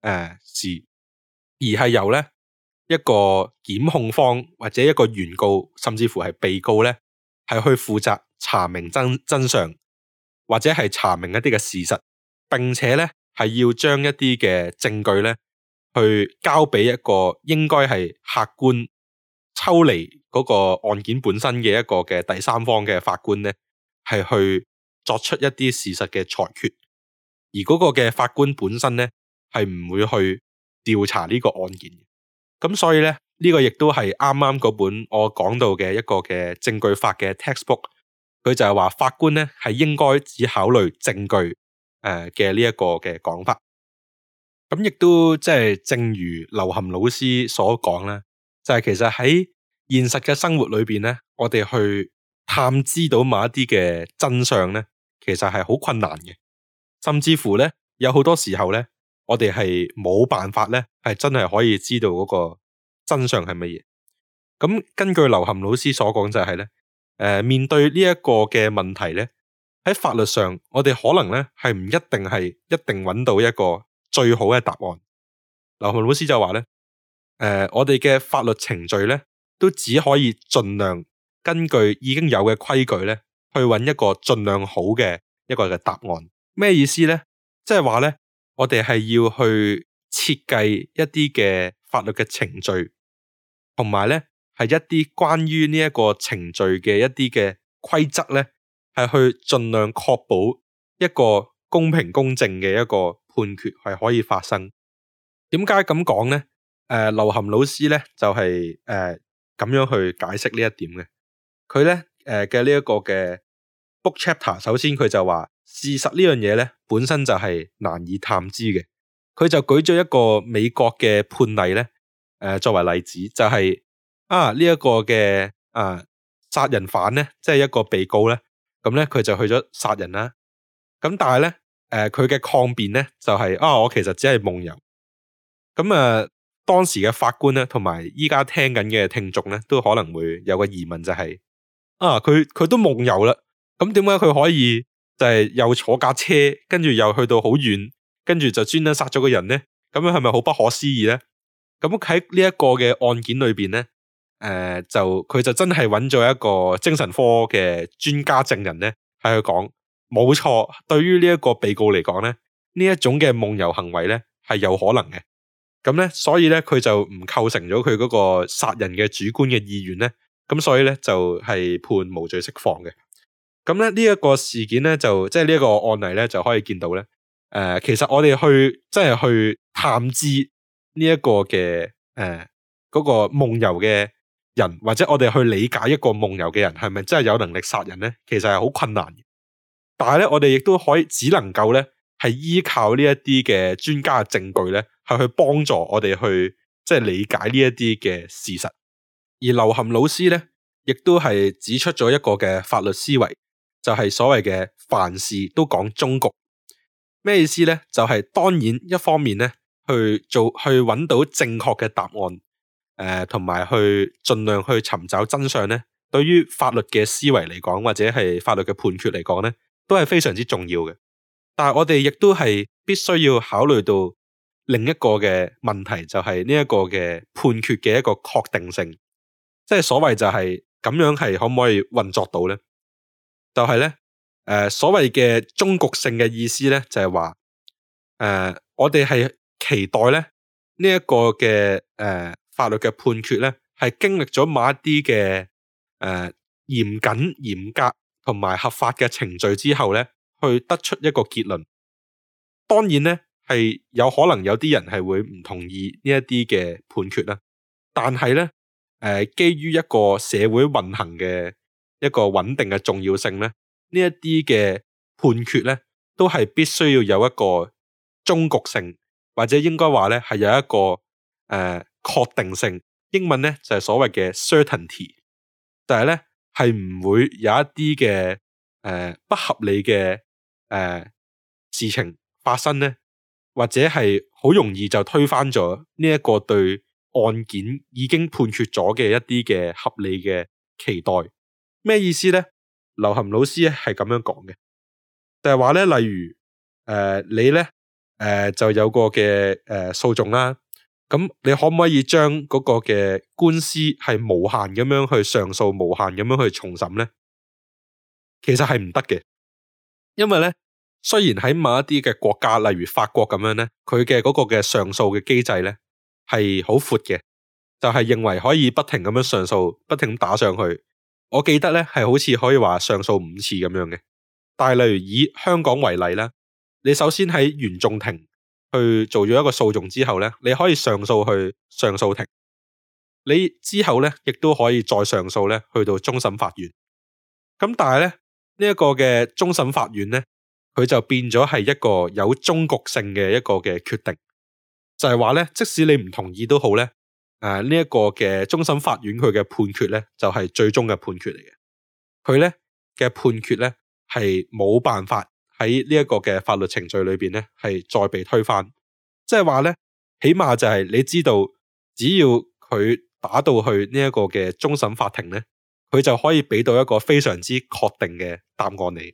呃、事，而係由咧一個檢控方或者一個原告，甚至乎係被告咧，係去負責查明真真相。或者係查明一啲嘅事實，並且呢係要將一啲嘅證據呢去交俾一個應該係客觀抽離嗰個案件本身嘅一個嘅第三方嘅法官呢，係去作出一啲事實嘅裁決。而嗰個嘅法官本身呢，係唔會去調查呢個案件嘅。咁所以呢，呢、呢個亦都係啱啱嗰本我講到嘅一個嘅證據法嘅 textbook。佢就係話法官咧係應該只考慮證據誒嘅呢一個嘅講法，咁亦都即係正如劉涵老師所講咧，就係其實喺現實嘅生活裏邊咧，我哋去探知到某一啲嘅真相咧，其實係好困難嘅，甚至乎咧有好多時候咧，我哋係冇辦法咧，係真係可以知道嗰個真相係乜嘢。咁根據劉涵老師所講就係咧。誒，面對呢一個嘅問題咧，喺法律上，我哋可能咧係唔一定係一定揾到一個最好嘅答案。劉浩老師就話咧，誒、呃，我哋嘅法律程序咧，都只可以盡量根據已經有嘅規矩咧，去揾一個盡量好嘅一個嘅答案。咩意思咧？即係話咧，我哋係要去設計一啲嘅法律嘅程序，同埋咧。係一啲關於呢一個程序嘅一啲嘅規則咧，係去盡量確保一個公平公正嘅一個判決係可以發生。點解咁講咧？誒、呃，劉涵老師咧就係誒咁樣去解釋呢一點嘅。佢咧誒嘅呢一、呃、個嘅 book chapter，首先佢就話事實這件事呢樣嘢咧本身就係難以探知嘅。佢就舉咗一個美國嘅判例咧，誒、呃、作為例子，就係、是。啊！呢、這、一個嘅啊殺人犯咧，即係一個被告咧，咁咧佢就去咗殺人啦。咁但係咧，誒佢嘅抗辯咧就係、是、啊我其實只係夢遊。咁、嗯、啊，當時嘅法官咧，同埋依家聽緊嘅聽眾咧，都可能會有個疑問就係、是、啊，佢佢都夢遊啦，咁點解佢可以就係又坐架車，跟住又去到好遠，跟住就專登殺咗個人咧？咁樣係咪好不可思議咧？咁喺呢一個嘅案件裏邊咧？誒、呃，就佢就真係揾咗一個精神科嘅專家證人咧，係去講，冇錯，對於呢一個被告嚟講咧，呢一種嘅夢遊行為咧係有可能嘅，咁咧，所以咧佢就唔構成咗佢嗰個殺人嘅主觀嘅意願咧，咁所以咧就係、是、判無罪釋放嘅，咁咧呢一、這個事件咧就即係呢一個案例咧就可以見到咧，誒、呃，其實我哋去即係去探知呢一個嘅誒嗰個夢遊嘅。人或者我哋去理解一個夢遊嘅人係咪真係有能力殺人呢？其實係好困難嘅，但係咧我哋亦都可以只能夠呢，係依靠呢一啲嘅專家嘅證據呢，係去幫助我哋去即係理解呢一啲嘅事實。而劉涵老師呢，亦都係指出咗一個嘅法律思維，就係所謂嘅凡事都講終局。咩意思呢？就係當然一方面呢，去做去揾到正確嘅答案，誒，同埋、呃、去盡量去尋找真相咧，對於法律嘅思維嚟講，或者係法律嘅判決嚟講咧，都係非常之重要嘅。但係我哋亦都係必須要考慮到另一個嘅問題，就係呢一個嘅判決嘅一個確定性，即係所謂就係、是、咁樣係可唔可以運作到咧？就係、是、咧，誒、呃，所謂嘅終局性嘅意思咧，就係、是、話，誒、呃，我哋係期待咧呢一、這個嘅誒。呃法律嘅判決咧，係經歷咗某一啲嘅誒嚴謹、嚴、呃、格同埋合法嘅程序之後咧，去得出一個結論。當然咧，係有可能有啲人係會唔同意呢一啲嘅判決啦。但係咧，誒、呃、基於一個社會運行嘅一個穩定嘅重要性咧，呢一啲嘅判決咧，都係必須要有一個終局性，或者應該話咧係有一個誒。呃確定性，英文咧就係所謂嘅 certainty，但係咧係唔會有一啲嘅誒不合理嘅誒、呃、事情發生咧，或者係好容易就推翻咗呢一個對案件已經判決咗嘅一啲嘅合理嘅期待。咩意思咧？劉涵老師係咁樣講嘅，就係話咧，例如誒、呃、你咧誒、呃、就有個嘅誒、呃、訴訟啦、啊。咁你可唔可以將嗰個嘅官司係無限咁樣去上訴，無限咁樣去重審呢？其實係唔得嘅，因為呢，雖然喺某一啲嘅國家，例如法國咁樣呢，佢嘅嗰個嘅上訴嘅機制呢係好闊嘅，就係認為可以不停咁樣上訴，不停打上去。我記得呢係好似可以話上訴五次咁樣嘅。但係例如以香港為例啦，你首先喺原訟庭。去做咗一個訴訟之後咧，你可以上訴去上訴庭，你之後咧亦都可以再上訴咧，去到終審法院。咁但係咧呢一個嘅終審法院咧，佢就變咗係一個有終局性嘅一個嘅決定，就係話咧，即使你唔同意都好咧，誒呢一個嘅終審法院佢嘅判決咧，就係最終嘅判決嚟嘅。佢咧嘅判決咧係冇辦法，喺呢一個嘅法律程序裏邊咧，係再被推翻，即係話咧，起碼就係你知道，只要佢打到去呢一個嘅終審法庭咧，佢就可以俾到一個非常之確定嘅答案你。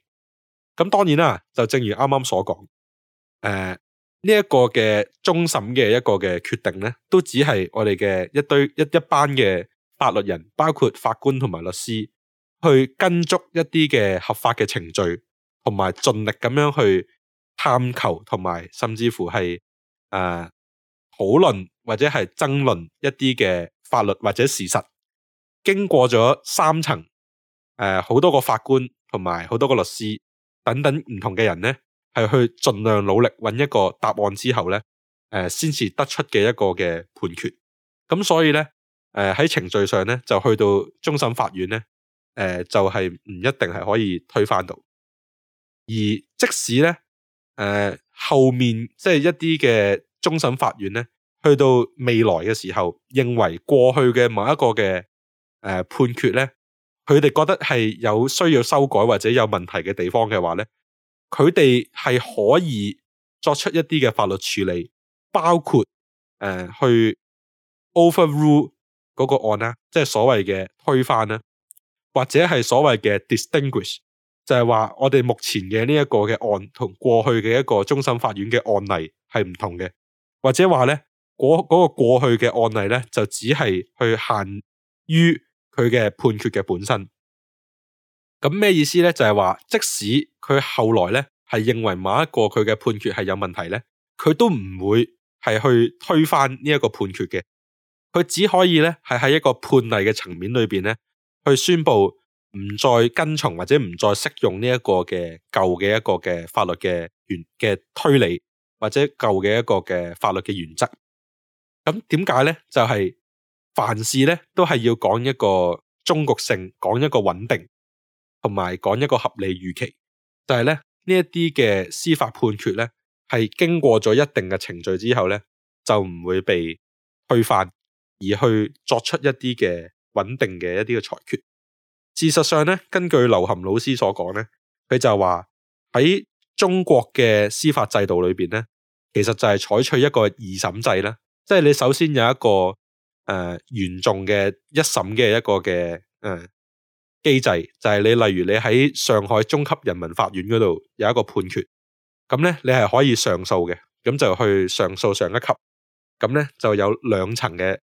咁當然啦，就正如啱啱所講，誒、呃，呢、這個、一個嘅終審嘅一個嘅決定咧，都只係我哋嘅一堆一一班嘅法律人，包括法官同埋律師，去跟足一啲嘅合法嘅程序。同埋盡力咁樣去探求，同埋甚至乎係誒、啊、討論或者係爭論一啲嘅法律或者事實，經過咗三層誒好、啊、多個法官同埋好多個律師等等唔同嘅人咧，係去盡量努力揾一個答案之後咧，誒、啊，先至得出嘅一個嘅判決。咁所以咧，誒、啊、喺程序上咧，就去到終審法院咧，誒、啊，就係、是、唔一定係可以推翻到。而即使咧，誒、呃，後面即係一啲嘅終審法院咧，去到未來嘅時候，認為過去嘅某一個嘅誒、呃、判決咧，佢哋覺得係有需要修改或者有問題嘅地方嘅話咧，佢哋係可以作出一啲嘅法律處理，包括誒、呃、去 overrule 嗰個案啦，即係所謂嘅推翻啦，或者係所謂嘅 distinguish。就係話我哋目前嘅呢一個嘅案，同過去嘅一個終審法院嘅案例係唔同嘅，或者話呢嗰個過去嘅案例呢，就只係去限於佢嘅判決嘅本身。咁咩意思呢？就係話，即使佢後來呢係認為某一個佢嘅判決係有問題呢，佢都唔會係去推翻呢一個判決嘅。佢只可以呢係喺一個判例嘅層面裏邊呢去宣布。唔再跟從或者唔再適用呢一個嘅舊嘅一個嘅法律嘅原嘅推理或者舊嘅一個嘅法律嘅原則，咁點解咧？就係、是、凡事咧都係要講一個終局性，講一個穩定，同埋講一個合理預期。但係咧呢一啲嘅司法判決咧係經過咗一定嘅程序之後咧，就唔會被推翻，而去作出一啲嘅穩定嘅一啲嘅裁決。事實上咧，根據劉涵老師所講咧，佢就話喺中國嘅司法制度裏面，咧，其實就係採取一個二審制啦。即係你首先有一個誒、呃、嚴重嘅一審嘅一個嘅誒機制，就係、是、你例如你喺上海中級人民法院嗰度有一個判決，咁咧你係可以上訴嘅，咁就去上訴上一級，咁咧就有兩層嘅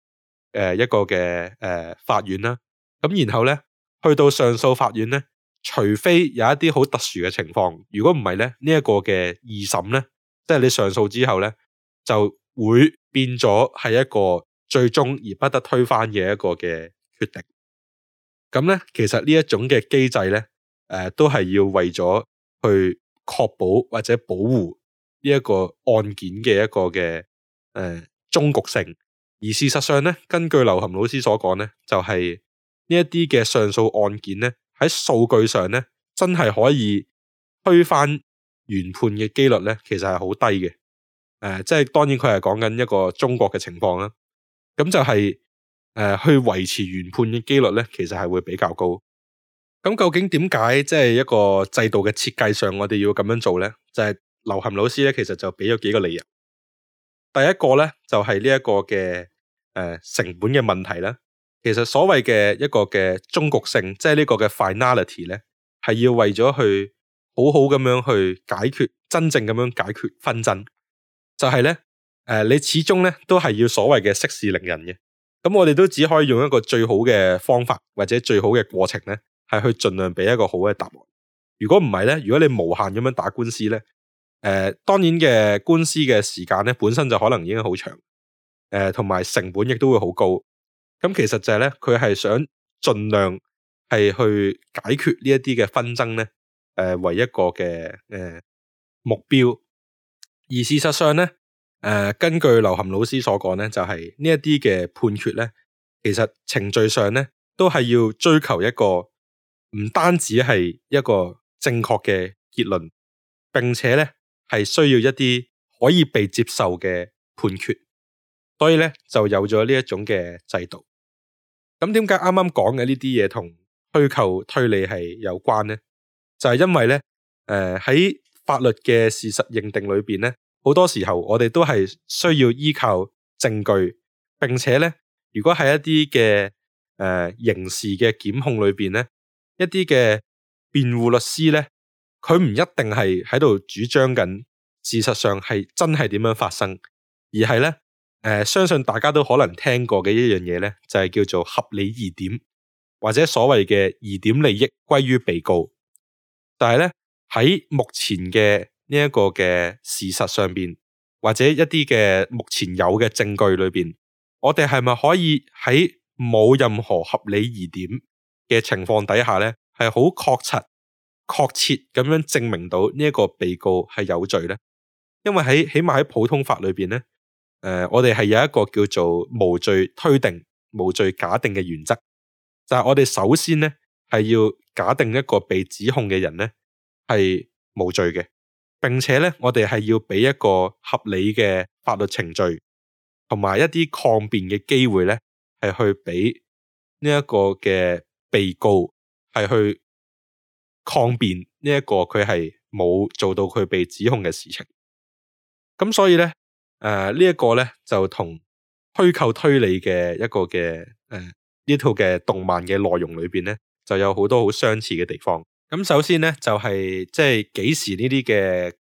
一個嘅、呃、法院啦。咁然後咧。去到上訴法院咧，除非有一啲好特殊嘅情況，如果唔係咧，呢、這、一個嘅二審咧，即係你上訴之後咧，就會變咗係一個最終而不得推翻嘅一個嘅決定。咁咧，其實呢一種嘅機制咧，誒、呃，都係要為咗去確保或者保護呢一個案件嘅一個嘅誒終局性。而事實上咧，根據劉涵老師所講咧，就係、是。呢一啲嘅上訴案件咧，喺數據上咧，真係可以推翻原判嘅幾率咧，其實係好低嘅。誒、呃，即係當然佢係講緊一個中國嘅情況啦。咁就係、是、誒、呃，去維持原判嘅幾率咧，其實係會比較高。咁究竟點解即係一個制度嘅設計上，我哋要咁樣做咧？就係、是、劉涵老師咧，其實就俾咗幾個理由。第一個咧，就係呢一個嘅誒、呃、成本嘅問題咧。其實所謂嘅一個嘅終局性，即係呢個嘅 finality 咧，係要為咗去好好咁樣去解決，真正咁樣解決紛爭，就係咧，誒，你始終咧都係要所謂嘅息事寧人嘅。咁我哋都只可以用一個最好嘅方法，或者最好嘅過程咧，係去盡量俾一個好嘅答案。如果唔係咧，如果你無限咁樣打官司咧，誒，當然嘅官司嘅時間咧本身就可能已經好長，誒，同埋成本亦都會好高。咁其實就係咧，佢係想盡量係去解決呢一啲嘅紛爭咧，誒、呃，為一個嘅誒、呃、目標。而事實上咧，誒、呃，根據劉涵老師所講咧，就係呢一啲嘅判決咧，其實程序上咧都係要追求一個唔單止係一個正確嘅結論，並且咧係需要一啲可以被接受嘅判決。所以咧就有咗呢一種嘅制度。咁點解啱啱講嘅呢啲嘢同虛構推理係有關呢？就係、是、因為呢，誒、呃、喺法律嘅事實認定裏邊呢，好多時候我哋都係需要依靠證據，並且呢，如果喺一啲嘅、呃、刑事嘅檢控裏邊呢，一啲嘅辯護律師呢，佢唔一定係喺度主張緊事實上係真係點樣發生，而係呢。誒、呃，相信大家都可能聽過嘅一樣嘢咧，就係、是、叫做合理疑點，或者所謂嘅疑點利益歸於被告。但係咧，喺目前嘅呢一個嘅事實上邊，或者一啲嘅目前有嘅證據裏邊，我哋係咪可以喺冇任何合理疑點嘅情況底下咧，係好確實、確切咁樣證明到呢一個被告係有罪咧？因為喺起碼喺普通法裏邊咧。誒、呃，我哋係有一個叫做無罪推定，無罪假定嘅原則，就係我哋首先呢係要假定一個被指控嘅人呢係無罪嘅，並且呢我哋係要俾一個合理嘅法律程序，同埋一啲抗辯嘅機會呢，係去俾呢一個嘅被告係去抗辯呢一個佢係冇做到佢被指控嘅事情，咁所以呢。誒，呃這個、呢推推一個咧就同虛構推理嘅一個嘅誒呢套嘅動漫嘅內容裏邊咧，就有好多好相似嘅地方。咁首先咧就係、是、即係幾時呢啲嘅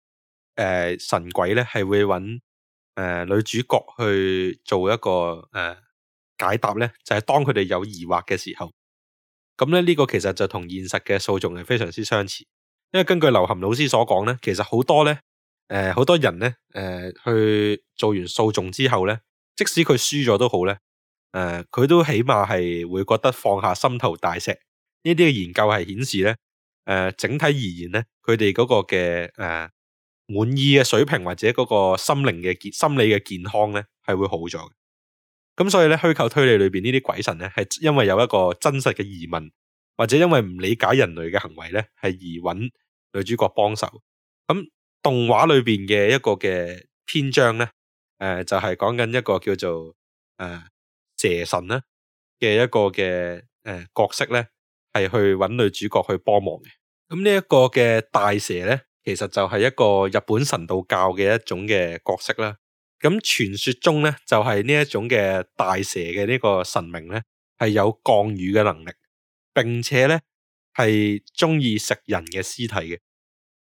誒神鬼咧係會揾誒、呃、女主角去做一個誒、呃、解答咧，就係、是、當佢哋有疑惑嘅時候。咁咧呢個其實就同現實嘅訴訟係非常之相似，因為根據劉涵老師所講咧，其實好多咧。誒，好、呃、多人咧，誒、呃，去做完訴訟之後咧，即使佢輸咗都好咧，誒、呃，佢都起碼係會覺得放下心頭大石。呢啲嘅研究係顯示咧，誒、呃，整體而言咧，佢哋嗰個嘅誒、呃、滿意嘅水平或者嗰個心靈嘅健心理嘅健康咧，係會好咗。咁所以咧，虛構推理裏邊呢啲鬼神咧，係因為有一個真實嘅疑問，或者因為唔理解人類嘅行為咧，係而揾女主角幫手咁。動畫裏邊嘅一個嘅篇章咧，誒、呃，就係講緊一個叫做誒、呃、蛇神啦嘅一個嘅誒、呃、角色咧，係去搵女主角去幫忙嘅。咁呢一個嘅大蛇咧，其實就係一個日本神道教嘅一種嘅角色啦。咁傳說中咧，就係呢一種嘅大蛇嘅呢個神明咧，係有降雨嘅能力，並且咧係中意食人嘅屍體嘅。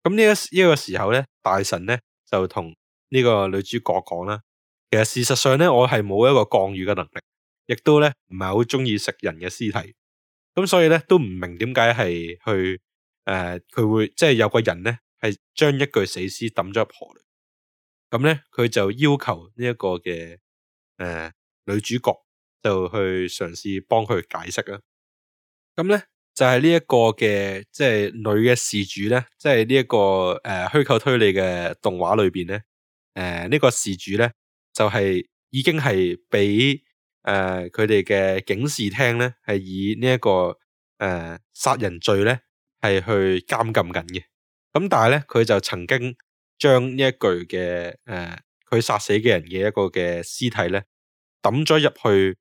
咁呢呢個時候咧，大臣咧就同呢個女主角講啦。其實事實上咧，我係冇一個降雨嘅能力，亦都咧唔係好中意食人嘅屍體。咁所以咧都唔明點解係去誒，佢、呃、會即係、就是、有個人咧係將一具死屍抌咗入河裡。咁咧佢就要求呢一個嘅誒、呃、女主角就去嘗試幫佢解釋啦咁咧。就係、就是、呢一、就是這個嘅即係女嘅事主咧，即係呢一個誒虛構推理嘅動畫裏邊咧，誒、呃這個、呢個事主咧就係、是、已經係俾誒佢哋嘅警視廳咧係以呢、這、一個誒、呃、殺人罪咧係去監禁緊嘅，咁但係咧佢就曾經將呢一具嘅誒佢殺死嘅人嘅一個嘅屍體咧抌咗入去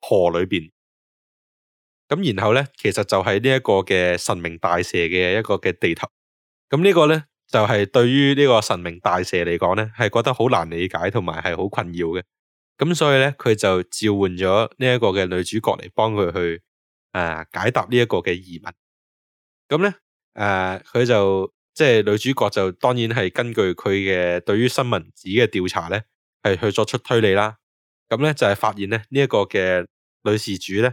河裏邊。咁然後咧，其實就係呢一個嘅神明大蛇嘅一個嘅地頭。咁呢個咧就係對於呢個神明大蛇嚟講咧，係、就是、覺得好難理解同埋係好困擾嘅。咁所以咧，佢就召喚咗呢一個嘅女主角嚟幫佢去啊解答呢一個嘅疑問。咁咧誒，佢、啊、就即係女主角就當然係根據佢嘅對於新聞紙嘅調查咧，係去作出推理啦。咁咧就係、是、發現咧呢一、這個嘅女事主咧。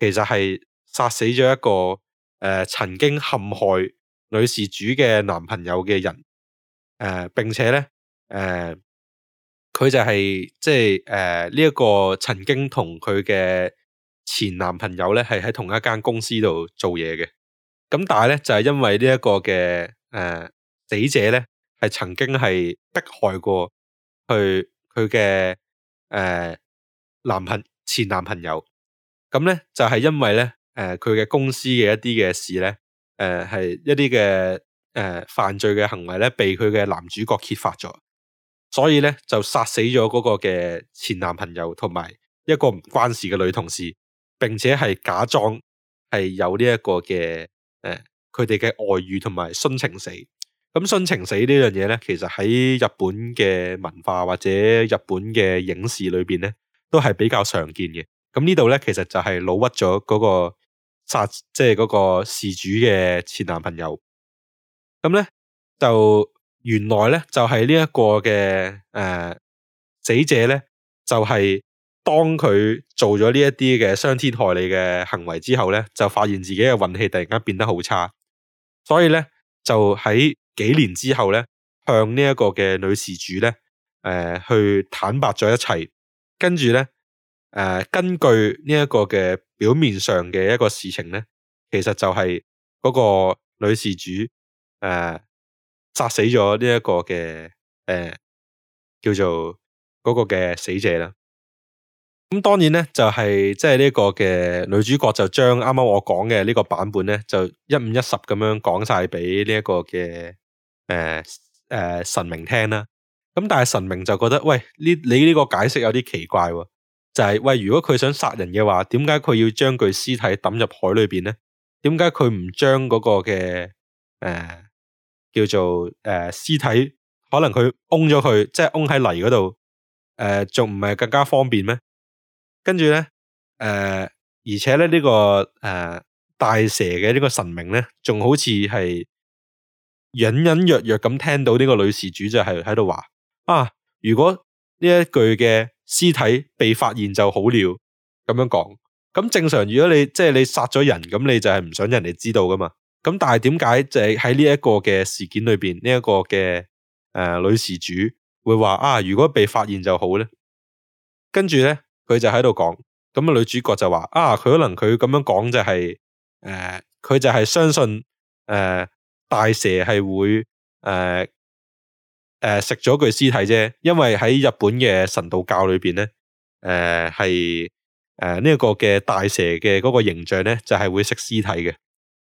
其實係殺死咗一個誒、呃、曾經陷害女事主嘅男朋友嘅人，誒、呃，並且咧，誒、呃，佢就係、是、即係誒呢一個曾經同佢嘅前男朋友咧，係喺同一間公司度做嘢嘅。咁但係咧，就係、是、因為呢一個嘅誒、呃、死者咧，係曾經係迫害過去佢嘅誒男朋友前男朋友。咁咧就係因為咧，誒佢嘅公司嘅一啲嘅事咧，誒、呃、係一啲嘅誒犯罪嘅行為咧，被佢嘅男主角揭發咗，所以咧就殺死咗嗰個嘅前男朋友同埋一個唔關事嘅女同事，並且係假裝係有呢一個嘅，誒佢哋嘅外遇同埋殉情死。咁、嗯、殉情死呢樣嘢咧，其實喺日本嘅文化或者日本嘅影視裏邊咧，都係比較常見嘅。咁呢度咧，其實就係老屈咗嗰個殺，即係嗰個事主嘅前男朋友呢。咁咧就原來咧就係呢一個嘅誒、呃，死者咧就係、是、當佢做咗呢一啲嘅傷天害理嘅行為之後咧，就發現自己嘅運氣突然間變得好差，所以咧就喺幾年之後咧，向呢一個嘅女事主咧，誒、呃、去坦白咗一切，跟住咧。誒、呃，根據呢一個嘅表面上嘅一個事情咧，其實就係嗰個女事主誒、呃、殺死咗呢一個嘅誒、呃、叫做嗰個嘅死者啦。咁當然咧，就係即係呢個嘅女主角就將啱啱我講嘅呢個版本咧，就一五一十咁樣講晒俾呢一個嘅誒誒神明聽啦。咁但係神明就覺得，喂，呢你呢個解釋有啲奇怪。哦。就係、是、喂，如果佢想殺人嘅話，點解佢要將具屍體抌入海裏邊咧？點解佢唔將嗰個嘅誒、呃、叫做誒屍、呃、體，可能佢掹咗佢，即係掹喺泥嗰度誒，仲唔係更加方便咩？跟住咧誒，而且咧呢、這個誒、呃、大蛇嘅呢個神明咧，仲好似係隱隱約約咁聽到呢個女事主就係喺度話啊，如果呢一句嘅。屍體被發現就好了咁樣講，咁正常。如果你即係、就是、你殺咗人，咁你就係唔想人哋知道噶嘛。咁但係點解就係喺呢一個嘅事件裏邊，呢、這、一個嘅誒、呃、女事主會話啊？如果被發現就好咧。跟住咧，佢就喺度講，咁啊女主角就話啊，佢可能佢咁樣講就係、是、誒，佢、呃、就係相信誒、呃、大蛇係會誒。呃誒，食咗具屍體啫，因為喺日本嘅神道教裏邊咧，誒係誒呢一個嘅大蛇嘅嗰個形象咧，就係會食屍體嘅。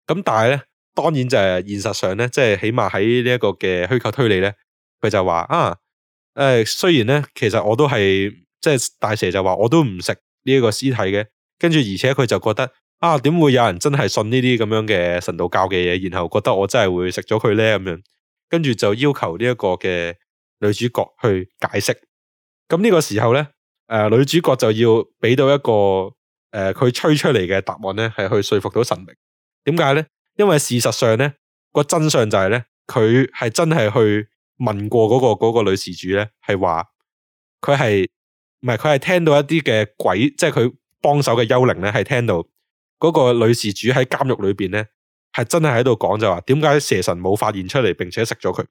咁但係咧，當然就係現實上咧，即係起碼喺呢一個嘅虛構推理咧，佢就話啊，誒雖然咧，其實我都係即係大蛇就話我都唔食呢一個屍體嘅，跟住而且佢就覺得啊，點會有人真係信呢啲咁樣嘅神道教嘅嘢，然後覺得我真係會食咗佢咧咁樣。跟住就要求呢一個嘅女主角去解釋。咁呢個時候咧，誒、呃，女主角就要俾到一個誒，佢、呃、吹出嚟嘅答案咧，係去說服到神明。點解咧？因為事實上咧，個真相就係咧，佢係真係去問過嗰、嗰個、嗰個女事主咧，係話佢係唔係佢係聽到一啲嘅鬼，即係佢幫手嘅幽靈咧，係聽到嗰個女事主喺監獄裏邊咧。係真係喺度講就話，點解蛇神冇發現出嚟，並且食咗佢？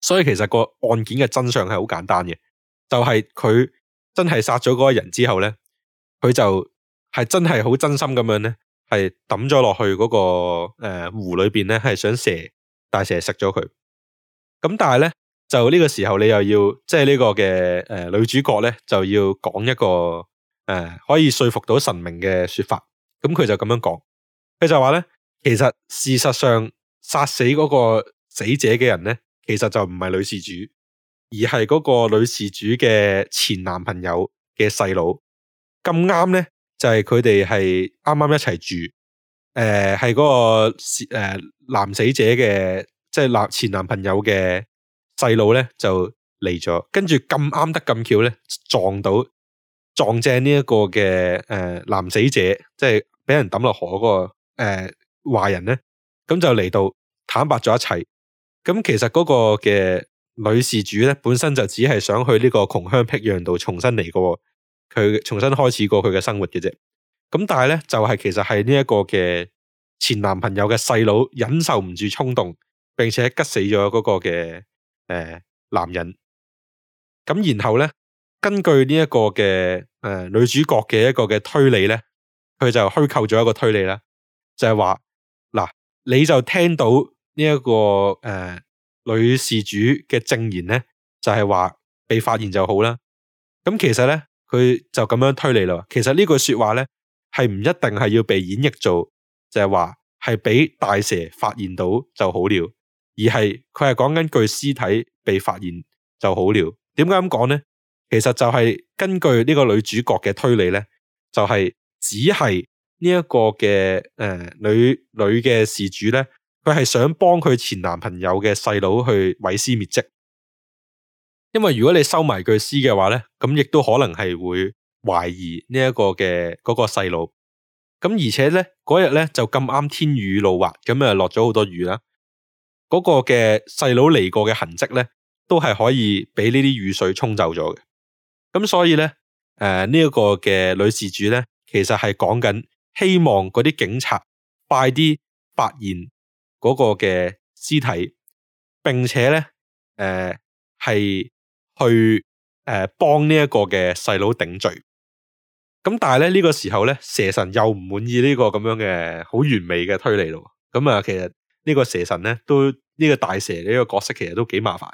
所以其實個案件嘅真相係好簡單嘅，就係佢真係殺咗嗰個人之後咧，佢就係真係好真心咁樣咧，係抌咗落去嗰個誒湖裏邊咧，係想蛇大蛇食咗佢。咁但係咧，就呢個時候你又要即係呢個嘅誒、呃、女主角咧，就要講一個誒、呃、可以說服到神明嘅說法。咁佢就咁樣講，佢就話咧。其實事實上，殺死嗰個死者嘅人咧，其實就唔係女事主，而係嗰個女事主嘅前男朋友嘅細佬。咁啱咧，就係佢哋係啱啱一齊住。誒、呃，係嗰、那個誒、呃、男死者嘅，即係男前男朋友嘅細佬咧，就嚟咗。跟住咁啱得咁巧咧，撞到撞正呢一個嘅誒、呃、男死者，即係俾人抌落河嗰、那個誒。呃壞人咧，咁就嚟到坦白咗一切。咁其實嗰個嘅女事主咧，本身就只係想去呢個窮鄉僻壤度重新嚟過，佢重新開始過佢嘅生活嘅啫。咁但係咧，就係、是、其實係呢一個嘅前男朋友嘅細佬忍受唔住衝動，並且吉死咗嗰個嘅誒、呃、男人。咁然後咧，根據呢一個嘅誒、呃、女主角嘅一個嘅推理咧，佢就虛構咗一個推理啦，就係話。你就聽到呢、這、一個、呃、女事主嘅證言呢就係、是、話被發現就好啦。咁其實呢，佢就咁樣推理咯。其實呢句說話呢，係唔一定係要被演繹做，就係話係俾大蛇發現到就好了，而係佢係講緊具屍體被發現就好了。點解咁講呢？其實就係根據呢個女主角嘅推理呢，就係、是、只係。呢一個嘅誒女女嘅事主咧，佢係想幫佢前男朋友嘅細佬去毀屍滅迹，因為如果你收埋具屍嘅話咧，咁亦都可能係會懷疑呢一個嘅嗰個細佬。咁而且咧，嗰日咧，就咁啱天雨路滑，咁啊落咗好多雨啦。嗰個嘅細佬嚟過嘅痕迹，咧都係可以俾呢啲雨水沖走咗嘅。咁所以咧誒呢一個嘅女事主咧，其實係講緊，希望嗰啲警察快啲發現嗰個嘅屍體，並且咧誒係去誒、呃、幫呢一個嘅細佬頂罪。咁但係咧呢、呢個時候咧，蛇神又唔滿意呢個咁樣嘅好完美嘅推理咯。咁、嗯、啊，其實呢個蛇神咧都呢、呢個大蛇呢個角色其實都幾麻煩。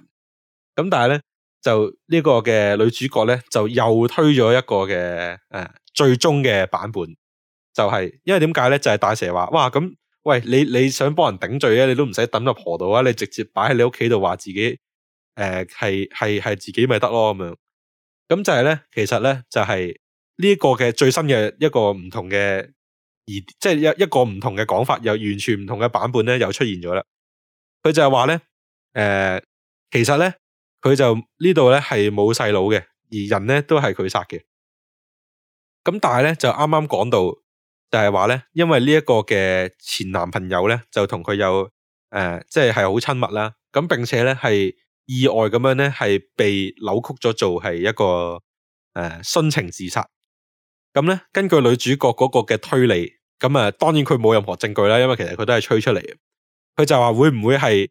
咁但係咧就呢、呢個嘅女主角咧就又推咗一個嘅誒、啊、最終嘅版本。就係、是，因為點解咧？就係、是、大蛇話，哇咁，喂你你想幫人頂罪啊？你都唔使等入河度啊！你直接擺喺你屋企度話自己，誒係係係自己咪得咯咁樣。咁就係咧，其實咧就係、是、呢一個嘅最新嘅一個唔同嘅，而即係一一個唔同嘅講法，又完全唔同嘅版本咧，又出現咗啦。佢就係話咧，誒、呃，其實咧，佢就呢度咧係冇細佬嘅，而人咧都係佢殺嘅。咁但係咧就啱啱講到。就係話咧，因為呢一個嘅前男朋友咧，就同佢有誒，即係係好親密啦。咁並且咧係意外咁樣咧，係被扭曲咗做係一個誒、呃、殉情自殺。咁、嗯、咧，根據女主角嗰個嘅推理，咁、嗯、啊，當然佢冇任何證據啦，因為其實佢都係吹出嚟。佢就話會唔會係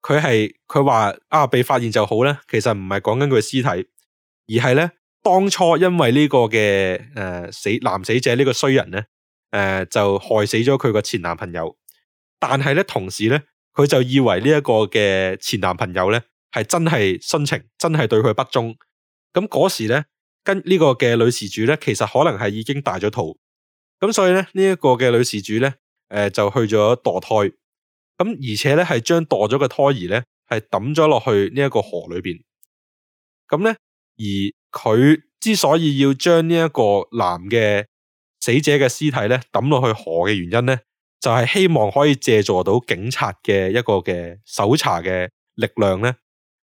佢係佢話啊，被發現就好咧。其實唔係講緊佢嘅屍體，而係咧當初因為呢個嘅誒、呃、死男死者呢個衰人咧。誒、呃，就害死咗佢個前男朋友，但係咧，同時咧，佢就以為呢一個嘅前男朋友咧，係真係殉情，真係對佢不忠。咁嗰時咧，跟這個女主呢個嘅女事主咧，其實可能係已經大咗肚。咁所以咧，這個、女主呢一個嘅女事主咧，誒、呃，就去咗墮胎。咁而且咧，係將墮咗嘅胎兒咧，係抌咗落去呢一個河裏邊。咁咧，而佢之所以要將呢一個男嘅，死者嘅屍體咧抌落去河嘅原因咧，就係希望可以借助到警察嘅一個嘅搜查嘅力量咧，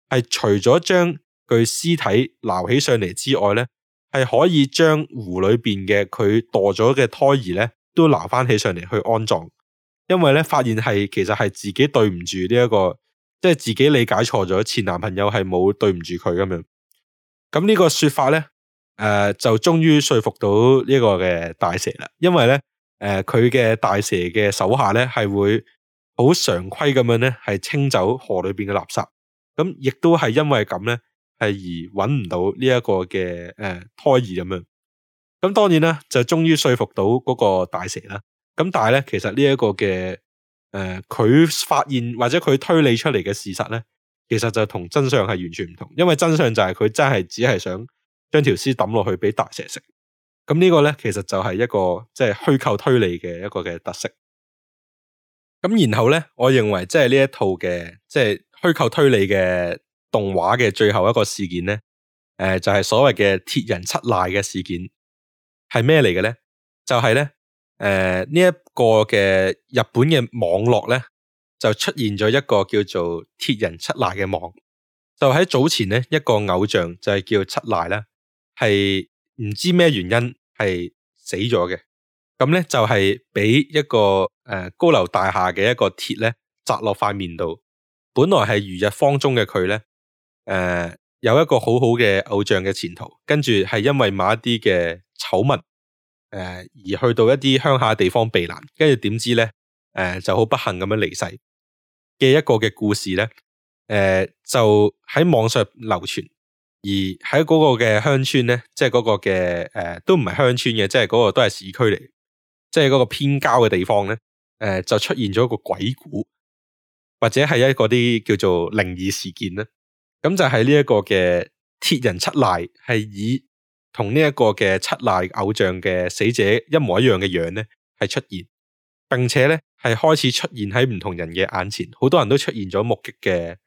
係除咗將佢屍體撈起上嚟之外咧，係可以將湖裏邊嘅佢墮咗嘅胎兒咧都撈翻起上嚟去安葬，因為咧發現係其實係自己對唔住呢一個，即係自己理解錯咗前男朋友係冇對唔住佢咁樣，咁呢個說法咧。誒、呃，就終於說服到呢個嘅大蛇啦，因為咧，誒、呃，佢嘅大蛇嘅手下咧係會好常規咁樣咧，係清走河裏面嘅垃圾，咁亦都係因為咁咧，係而揾唔到呢一個嘅誒、呃、胎兒咁樣。咁、嗯、當然啦，就終於說服到嗰個大蛇啦。咁但係咧，其實呢一個嘅誒，佢、呃、發現或者佢推理出嚟嘅事實咧，其實就同真相係完全唔同，因為真相就係佢真係只係想。將條絲抌落去俾大蛇食，咁呢個咧其實就係一個即係、就是、虛構推理嘅一個嘅特色。咁然後咧，我認為即係呢一套嘅即係虛構推理嘅動畫嘅最後一個事件咧，誒、呃、就係、是、所謂嘅鐵人七瀨嘅事件係咩嚟嘅咧？就係、是、咧，誒，呢一個嘅日本嘅網絡咧，就出現咗一個叫做鐵人七瀨嘅網，就喺早前咧一個偶像就係叫七瀨啦。係唔知咩原因係死咗嘅，咁咧就係俾一個誒高樓大廈嘅一個鐵咧砸落塊面度。本來係如日方中嘅佢咧，誒、呃、有一個好好嘅偶像嘅前途，跟住係因為某一啲嘅醜聞，誒、呃、而去到一啲鄉下地方避難，跟住點知咧，誒、呃、就好不幸咁樣離世嘅一個嘅故事咧，誒、呃、就喺網上流傳。而喺嗰個嘅鄉村呢，即係嗰個嘅誒、呃，都唔係鄉村嘅，即係嗰個都係市區嚟，即係嗰個偏郊嘅地方呢，誒、呃、就出現咗一個鬼故，或者係一個啲叫做靈異事件啦。咁就係呢一個嘅鐵人七瀨，係以同呢一個嘅七瀨偶像嘅死者一模一樣嘅樣呢係出現，並且呢係開始出現喺唔同人嘅眼前，好多人都出現咗目擊嘅誒、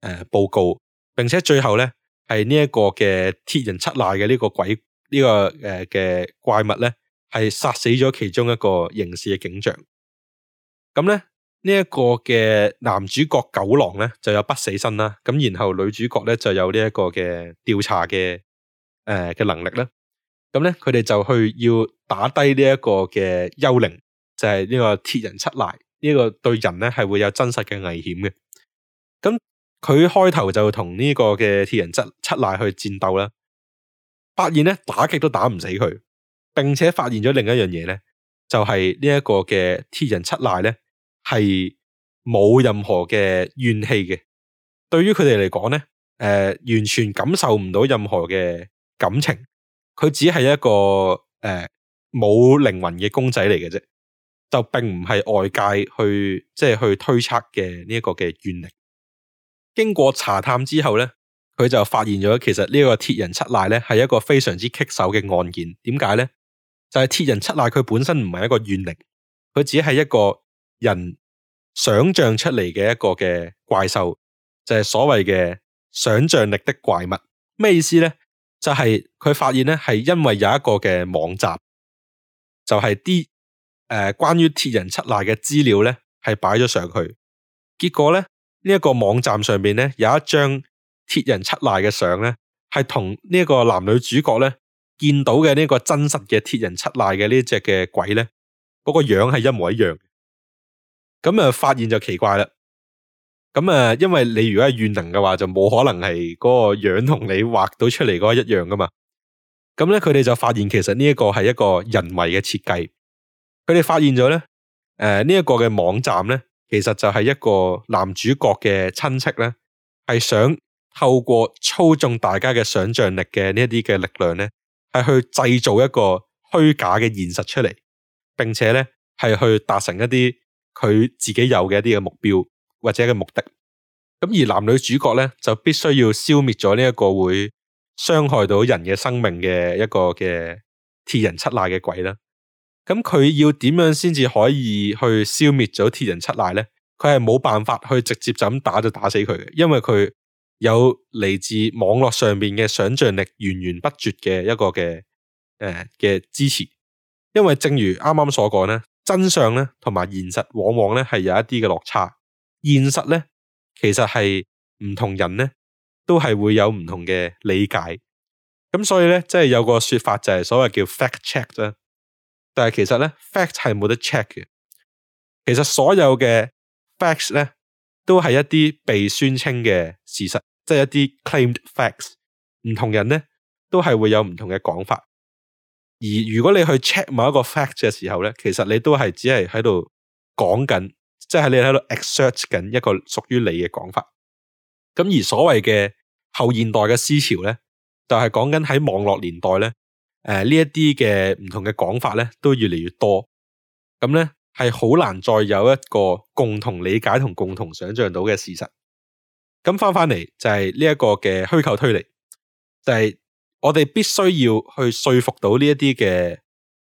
呃、報告，並且最後呢，係呢一個嘅鐵人七嚟嘅呢個鬼呢、這個誒嘅、呃、怪物咧，係殺死咗其中一個刑事嘅警長。咁咧呢一個嘅男主角九郎咧就有不死身啦。咁然後女主角咧就有呢一個嘅調查嘅誒嘅能力啦。咁咧佢哋就去要打低呢一個嘅幽靈，就係、是、呢個鐵人七嚟呢、這個對人咧係會有真實嘅危險嘅。咁、嗯。佢開頭就同呢個嘅鐵人七瀨去戰鬥啦，發現咧打極都打唔死佢，並且發現咗另一樣嘢咧，就係呢一個嘅鐵人七瀨咧係冇任何嘅怨氣嘅。對於佢哋嚟講咧，誒、呃、完全感受唔到任何嘅感情，佢只係一個誒冇靈魂嘅公仔嚟嘅啫，就並唔係外界去即係去推測嘅呢一個嘅怨力。經過查探之後咧，佢就發現咗其實呢個鐵人七瀨咧係一個非常之棘手嘅案件。點解呢？就係、是、鐵人七瀨佢本身唔係一個怨靈，佢只係一個人想象出嚟嘅一個嘅怪獸，就係、是、所謂嘅想象力的怪物。咩意思呢？就係、是、佢發現呢係因為有一個嘅網站，就係啲誒關於鐵人七瀨嘅資料呢係擺咗上去，結果呢。呢一個網站上邊咧有一張鐵人七瀨嘅相咧，係同呢一個男女主角咧見到嘅呢個真實嘅鐵人七瀨嘅呢隻嘅鬼咧，嗰個樣係一模一樣。咁啊，發現就奇怪啦。咁啊，因為你如果係怨靈嘅話，就冇可能係嗰個樣同你畫到出嚟嗰個一樣噶嘛。咁咧，佢哋就發現其實呢一個係一個人為嘅設計。佢哋發現咗咧，誒呢一個嘅網站咧。其實就係一個男主角嘅親戚咧，係想透過操縱大家嘅想象力嘅呢一啲嘅力量咧，係去製造一個虛假嘅現實出嚟，並且咧係去達成一啲佢自己有嘅一啲嘅目標或者嘅目的。咁而男女主角咧就必須要消滅咗呢一個會傷害到人嘅生命嘅一個嘅鐵人七瀨嘅鬼啦。咁佢要點樣先至可以去消滅咗鐵人七瀨呢？佢係冇辦法去直接就咁打就打死佢嘅，因為佢有嚟自網絡上邊嘅想象力源源不絕嘅一個嘅誒嘅支持。因為正如啱啱所講呢，真相呢同埋現實往往呢係有一啲嘅落差。現實呢，其實係唔同人呢都係會有唔同嘅理解。咁所以呢，即係有個說法就係所謂叫 fact check 啦。但係其實咧，fact 係冇得 check 嘅。其實所有嘅 facts 咧，都係一啲被宣稱嘅事實，即係一啲 claimed facts。唔同人咧，都係會有唔同嘅講法。而如果你去 check 某一個 fact 嘅時候咧，其實你都係只係喺度講緊，即係你喺度 exert 緊一個屬於你嘅講法。咁而所謂嘅後現代嘅思潮咧，就係講緊喺網絡年代咧。誒，啊、呢一啲嘅唔同嘅講法咧，都越嚟越多，咁咧係好難再有一個共同理解同共同想象到嘅事實。咁返返嚟就係呢一個嘅虛構推理，就係、是、我哋必須要去說服到呢一啲嘅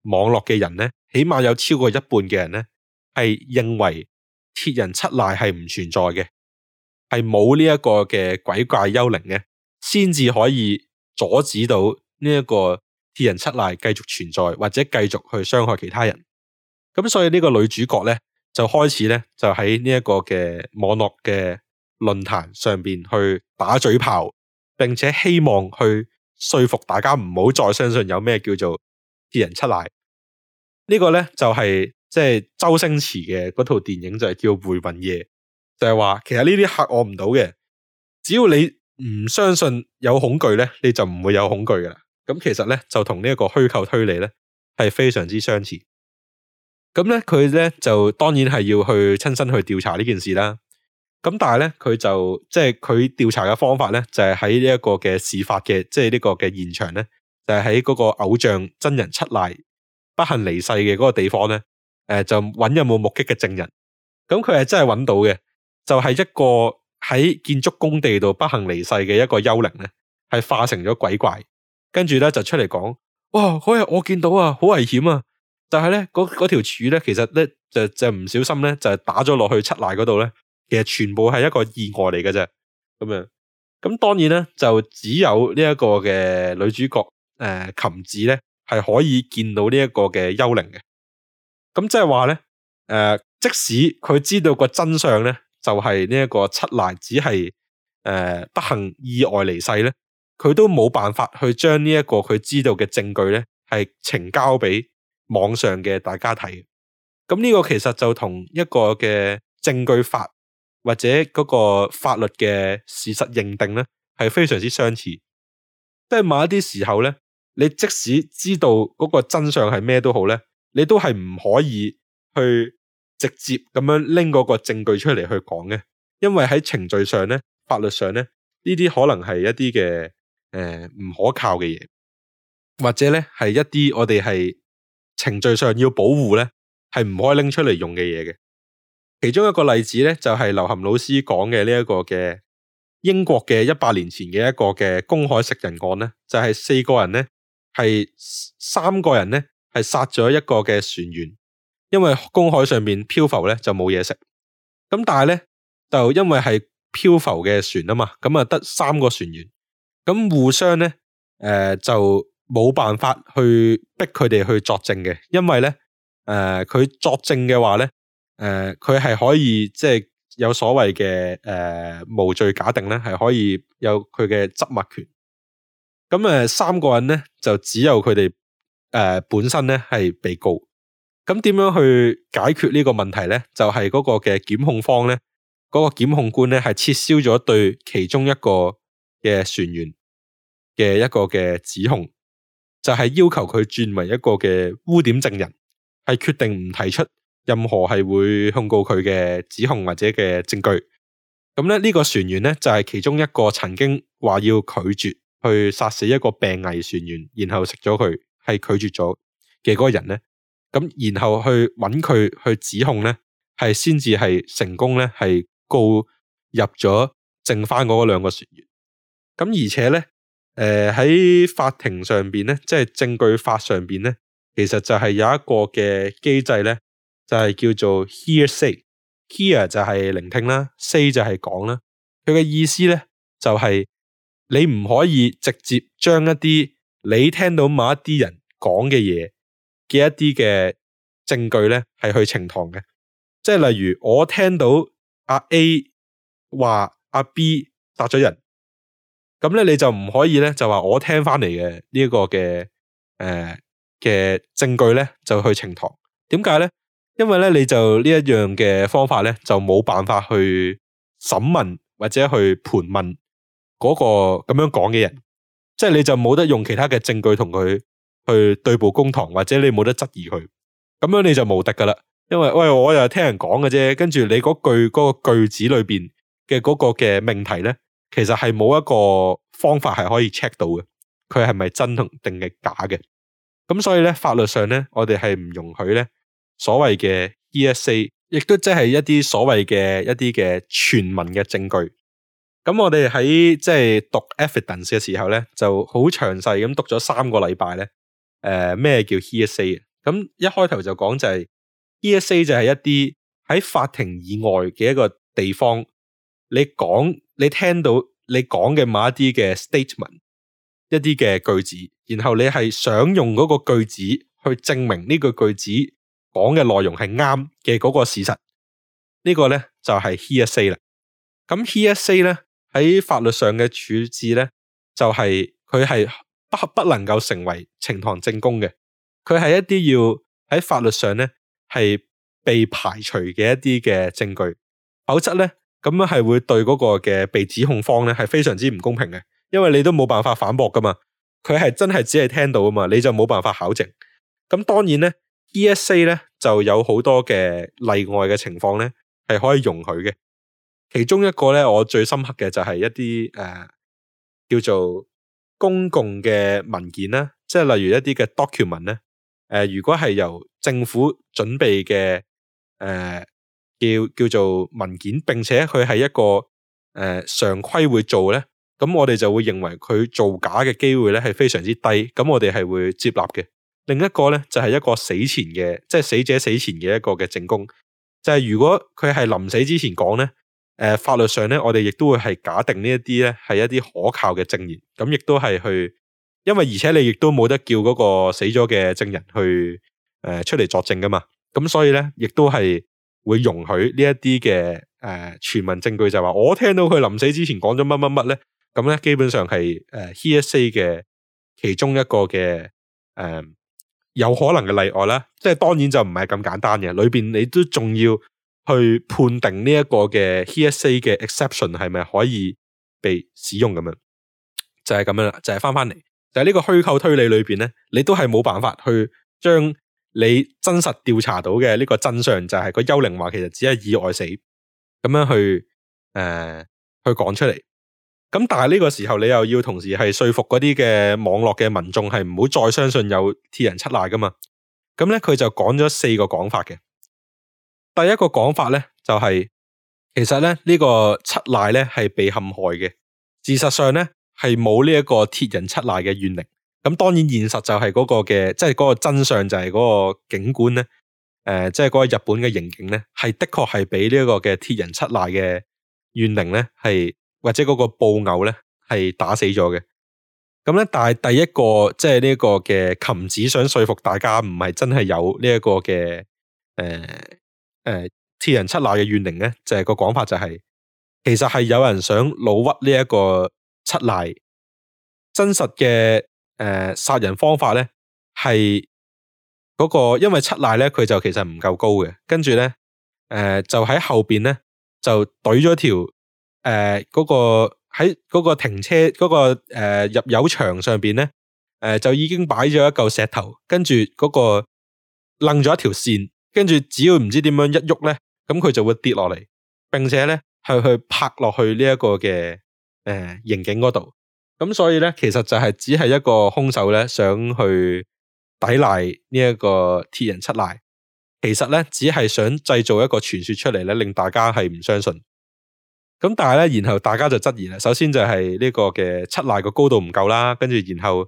網絡嘅人咧，起碼有超過一半嘅人咧係認為鐵人七瀨係唔存在嘅，係冇呢一個嘅鬼怪幽靈嘅，先至可以阻止到呢、這、一個。鐵人七瀨繼續存在或者繼續去傷害其他人，咁所以呢個女主角咧就開始咧就喺呢一個嘅網絡嘅論壇上邊去打嘴炮，並且希望去說服大家唔好再相信有咩叫做鐵人七瀨。這個、呢個咧就係即係周星馳嘅嗰套電影就係、是、叫《回魂夜》，就係、是、話其實呢啲吓我唔到嘅，只要你唔相信有恐懼咧，你就唔會有恐懼㗎啦。咁其實咧就同呢一個虛構推理咧係非常之相似。咁咧佢咧就當然係要去親身去調查呢件事啦。咁但係咧佢就即係佢調查嘅方法咧就係喺呢一個嘅事發嘅即係呢個嘅現場咧就係喺嗰個偶像真人出嚟不幸離世嘅嗰個地方咧誒、呃、就揾有冇目擊嘅證人。咁佢係真係揾到嘅，就係、是、一個喺建築工地度不幸離世嘅一個幽靈咧，係化成咗鬼怪。跟住咧就出嚟講，哇！可以我見到啊，好危險啊！但係咧，嗰嗰條柱咧，其實咧就就唔小心咧，就係打咗落去七瀨嗰度咧。其實全部係一個意外嚟嘅啫。咁樣，咁當然咧就只有呢一個嘅女主角誒、呃，琴子咧係可以見到呢一個嘅幽靈嘅。咁即係話咧誒，即使佢知道個真相咧，就係呢一個七瀨只係誒、呃、不幸意外離世咧。佢都冇辦法去將呢一個佢知道嘅證據咧，係呈交俾網上嘅大家睇。咁呢個其實就同一個嘅證據法或者嗰個法律嘅事實認定咧，係非常之相似。即係某一啲時候咧，你即使知道嗰個真相係咩都好咧，你都係唔可以去直接咁樣拎嗰個證據出嚟去講嘅，因為喺程序上咧、法律上咧，呢啲可能係一啲嘅。誒，唔、呃、可靠嘅嘢，或者咧係一啲我哋係程序上要保護咧，係唔可以拎出嚟用嘅嘢嘅。其中一個例子咧，就係、是、劉涵老師講嘅呢一個嘅英國嘅一百年前嘅一個嘅公海食人案咧，就係、是、四個人咧，係三個人咧，係殺咗一個嘅船員，因為公海上面漂浮咧就冇嘢食，咁但係咧就因為係漂浮嘅船啊嘛，咁啊得三個船員。咁互相咧，誒、呃、就冇辦法去逼佢哋去作證嘅，因為咧，誒、呃、佢作證嘅話咧，誒佢係可以即係、就是、有所謂嘅誒、呃、無罪假定咧，係可以有佢嘅緘默權。咁誒三個人咧，就只有佢哋誒本身咧係被告。咁點樣去解決呢個問題咧？就係、是、嗰個嘅檢控方咧，嗰、那個檢控官咧係撤銷咗對其中一個嘅船員嘅一個嘅指控，就係要求佢轉為一個嘅污點證人，係決定唔提出任何係會控告佢嘅指控或者嘅證據。咁咧呢個船員咧就係其中一個曾經話要拒絕去殺死一個病危船員，然後食咗佢係拒絕咗嘅嗰個人咧。咁然後去揾佢去指控咧，係先至係成功咧，係告入咗剩翻嗰兩個船員。咁而且咧，誒、呃、喺法庭上邊咧，即係證據法上邊咧，其實就係有一個嘅機制咧，就係、是、叫做 hear say。hear 就係聆聽啦，say 就係講啦。佢嘅意思咧，就係、是、你唔可以直接將一啲你聽到某一啲人講嘅嘢嘅一啲嘅證據咧，係去呈堂嘅。即係例如我聽到阿、啊、A 話阿、啊、B 殺咗人。咁咧你就唔可以咧就話我聽翻嚟嘅呢一個嘅誒嘅證據咧就去呈堂。點解咧？因為咧你就呢一樣嘅方法咧就冇辦法去審問或者去盤問嗰個咁樣講嘅人，即係你就冇得用其他嘅證據同佢去對簿公堂，或者你冇得質疑佢，咁樣你就無敵噶啦。因為喂我又聽人講嘅啫，跟住你嗰句嗰個句子裏邊嘅嗰個嘅命題咧。其實係冇一個方法係可以 check 到嘅，佢係咪真同定係假嘅？咁所以咧，法律上咧，我哋係唔容許咧所謂嘅 E.S.A.，亦都即係一啲所謂嘅一啲嘅傳聞嘅證據。咁我哋喺即係讀 evidence 嘅時候咧，就好詳細咁讀咗三個禮拜咧。誒、呃，咩叫 E.S.A.？咁一開頭就講就係、係、E.S.A. 就係一啲喺法庭以外嘅一個地方，你講。你聽到你講嘅某一啲嘅 statement，一啲嘅句子，然後你係想用嗰個句子去證明呢句句子講嘅內容係啱嘅嗰個事實，這個、呢個咧就係 hearsay 啦。咁 hearsay 咧喺法律上嘅處置咧，就係佢係不不能夠成為呈堂證供嘅，佢係一啲要喺法律上咧係被排除嘅一啲嘅證據，否則咧。咁樣係會對嗰個嘅被指控方咧係非常之唔公平嘅，因為你都冇辦法反駁噶嘛，佢係真係只係聽到啊嘛，你就冇辦法考證。咁當然咧，E.S.A. 咧就有好多嘅例外嘅情況咧係可以容許嘅。其中一個咧，我最深刻嘅就係一啲誒、呃、叫做公共嘅文件啦，即係例如一啲嘅 document 咧，誒、呃、如果係由政府準備嘅誒。呃叫叫做文件，並且佢係一個誒、呃、常規會做咧，咁我哋就會認為佢造假嘅機會咧係非常之低，咁我哋係會接納嘅。另一個咧就係、是、一個死前嘅，即係死者死前嘅一個嘅證供，就係、是、如果佢係臨死之前講咧，誒、呃、法律上咧我哋亦都會係假定呢一啲咧係一啲可靠嘅證言，咁亦都係去，因為而且你亦都冇得叫嗰個死咗嘅證人去誒、呃、出嚟作證噶嘛，咁所以咧亦都係。會容許呢一啲嘅誒傳聞證據，就話我聽到佢臨死之前講咗乜乜乜咧，咁、嗯、咧基本上係誒、呃、HSA 嘅其中一個嘅誒、呃、有可能嘅例外啦，即係當然就唔係咁簡單嘅，裏邊你都仲要去判定呢一個嘅 HSA 嘅 exception 係咪可以被使用咁、就是、樣，就係咁樣啦，就係翻翻嚟，就係呢個虛構推理裏邊咧，你都係冇辦法去將。你真實調查到嘅呢個真相就係個幽靈話其實只係意外死，咁樣去誒、呃、去講出嚟。咁但係呢個時候你又要同時係說服嗰啲嘅網絡嘅民眾係唔好再相信有鐵人七賴噶嘛？咁咧佢就講咗四個講法嘅。第一個講法咧就係、是、其實咧呢、呢個七賴咧係被陷害嘅，事實上咧係冇呢一個鐵人七賴嘅怨靈。咁當然現實就係嗰個嘅，即係嗰個真相就係嗰個警官咧，誒，即係嗰個日本嘅刑警咧，係的確係俾呢一個嘅鐵人七瀨嘅怨靈咧，係或者嗰個暴偶咧，係打死咗嘅。咁咧，但係第一個即係呢一個嘅琴子想說服大家，唔係真係有呢一個嘅誒誒鐵人七瀨嘅怨靈咧，就係、是、個講法就係、是、其實係有人想老屈呢一個七瀨真實嘅。誒，殺、呃、人方法咧係嗰個，因為七瀨咧佢就其實唔夠高嘅，跟住咧誒就喺後邊咧就懟咗條誒嗰個喺嗰個停車嗰、那個誒、呃、入油牆上邊咧誒就已經擺咗一嚿石頭，跟住嗰個掹咗一條線，跟住只要唔知點樣一喐咧，咁佢就會跌落嚟，並且咧去去拍落去呢、這、一個嘅誒、呃、刑警嗰度。咁所以咧，其實就係只係一個凶手咧，想去抵賴呢一個鐵人七賴。其實咧，只係想製造一個傳說出嚟咧，令大家係唔相信。咁但係咧，然後大家就質疑啦。首先就係呢個嘅七賴個高度唔夠啦，跟住然後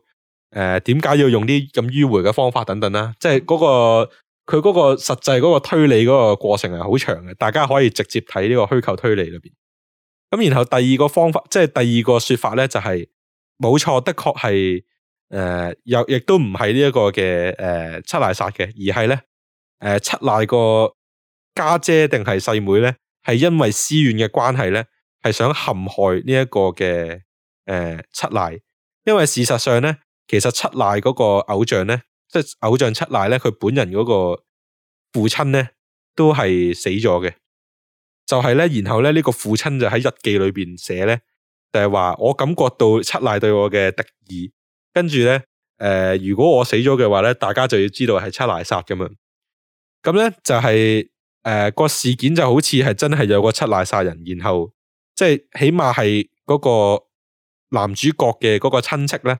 誒點解要用啲咁迂回嘅方法等等啦？即係嗰個佢嗰個實際嗰個推理嗰個過程係好長嘅，大家可以直接睇呢個虛構推理裡邊。咁然後第二個方法，即係第二個說法咧，就係冇錯，的確係誒，又亦都唔係呢一個嘅誒、呃、七瀨殺嘅，而係咧誒七瀨個家姐定係細妹咧，係因為私怨嘅關係咧，係想陷害呢、這、一個嘅誒、呃、七瀨。因為事實上咧，其實七瀨嗰個偶像咧，即係偶像七瀨咧，佢本人嗰個父親咧，都係死咗嘅。就係、是、咧，然後咧呢、這個父親就喺日記裏邊寫咧。就係話我感覺到七瀨對我嘅敵意，跟住咧，誒、呃，如果我死咗嘅話咧，大家就要知道係七瀨殺咁樣呢，咁咧就係誒個事件就好似係真係有個七瀨殺人，然後即係、就是、起碼係嗰個男主角嘅嗰個親戚咧，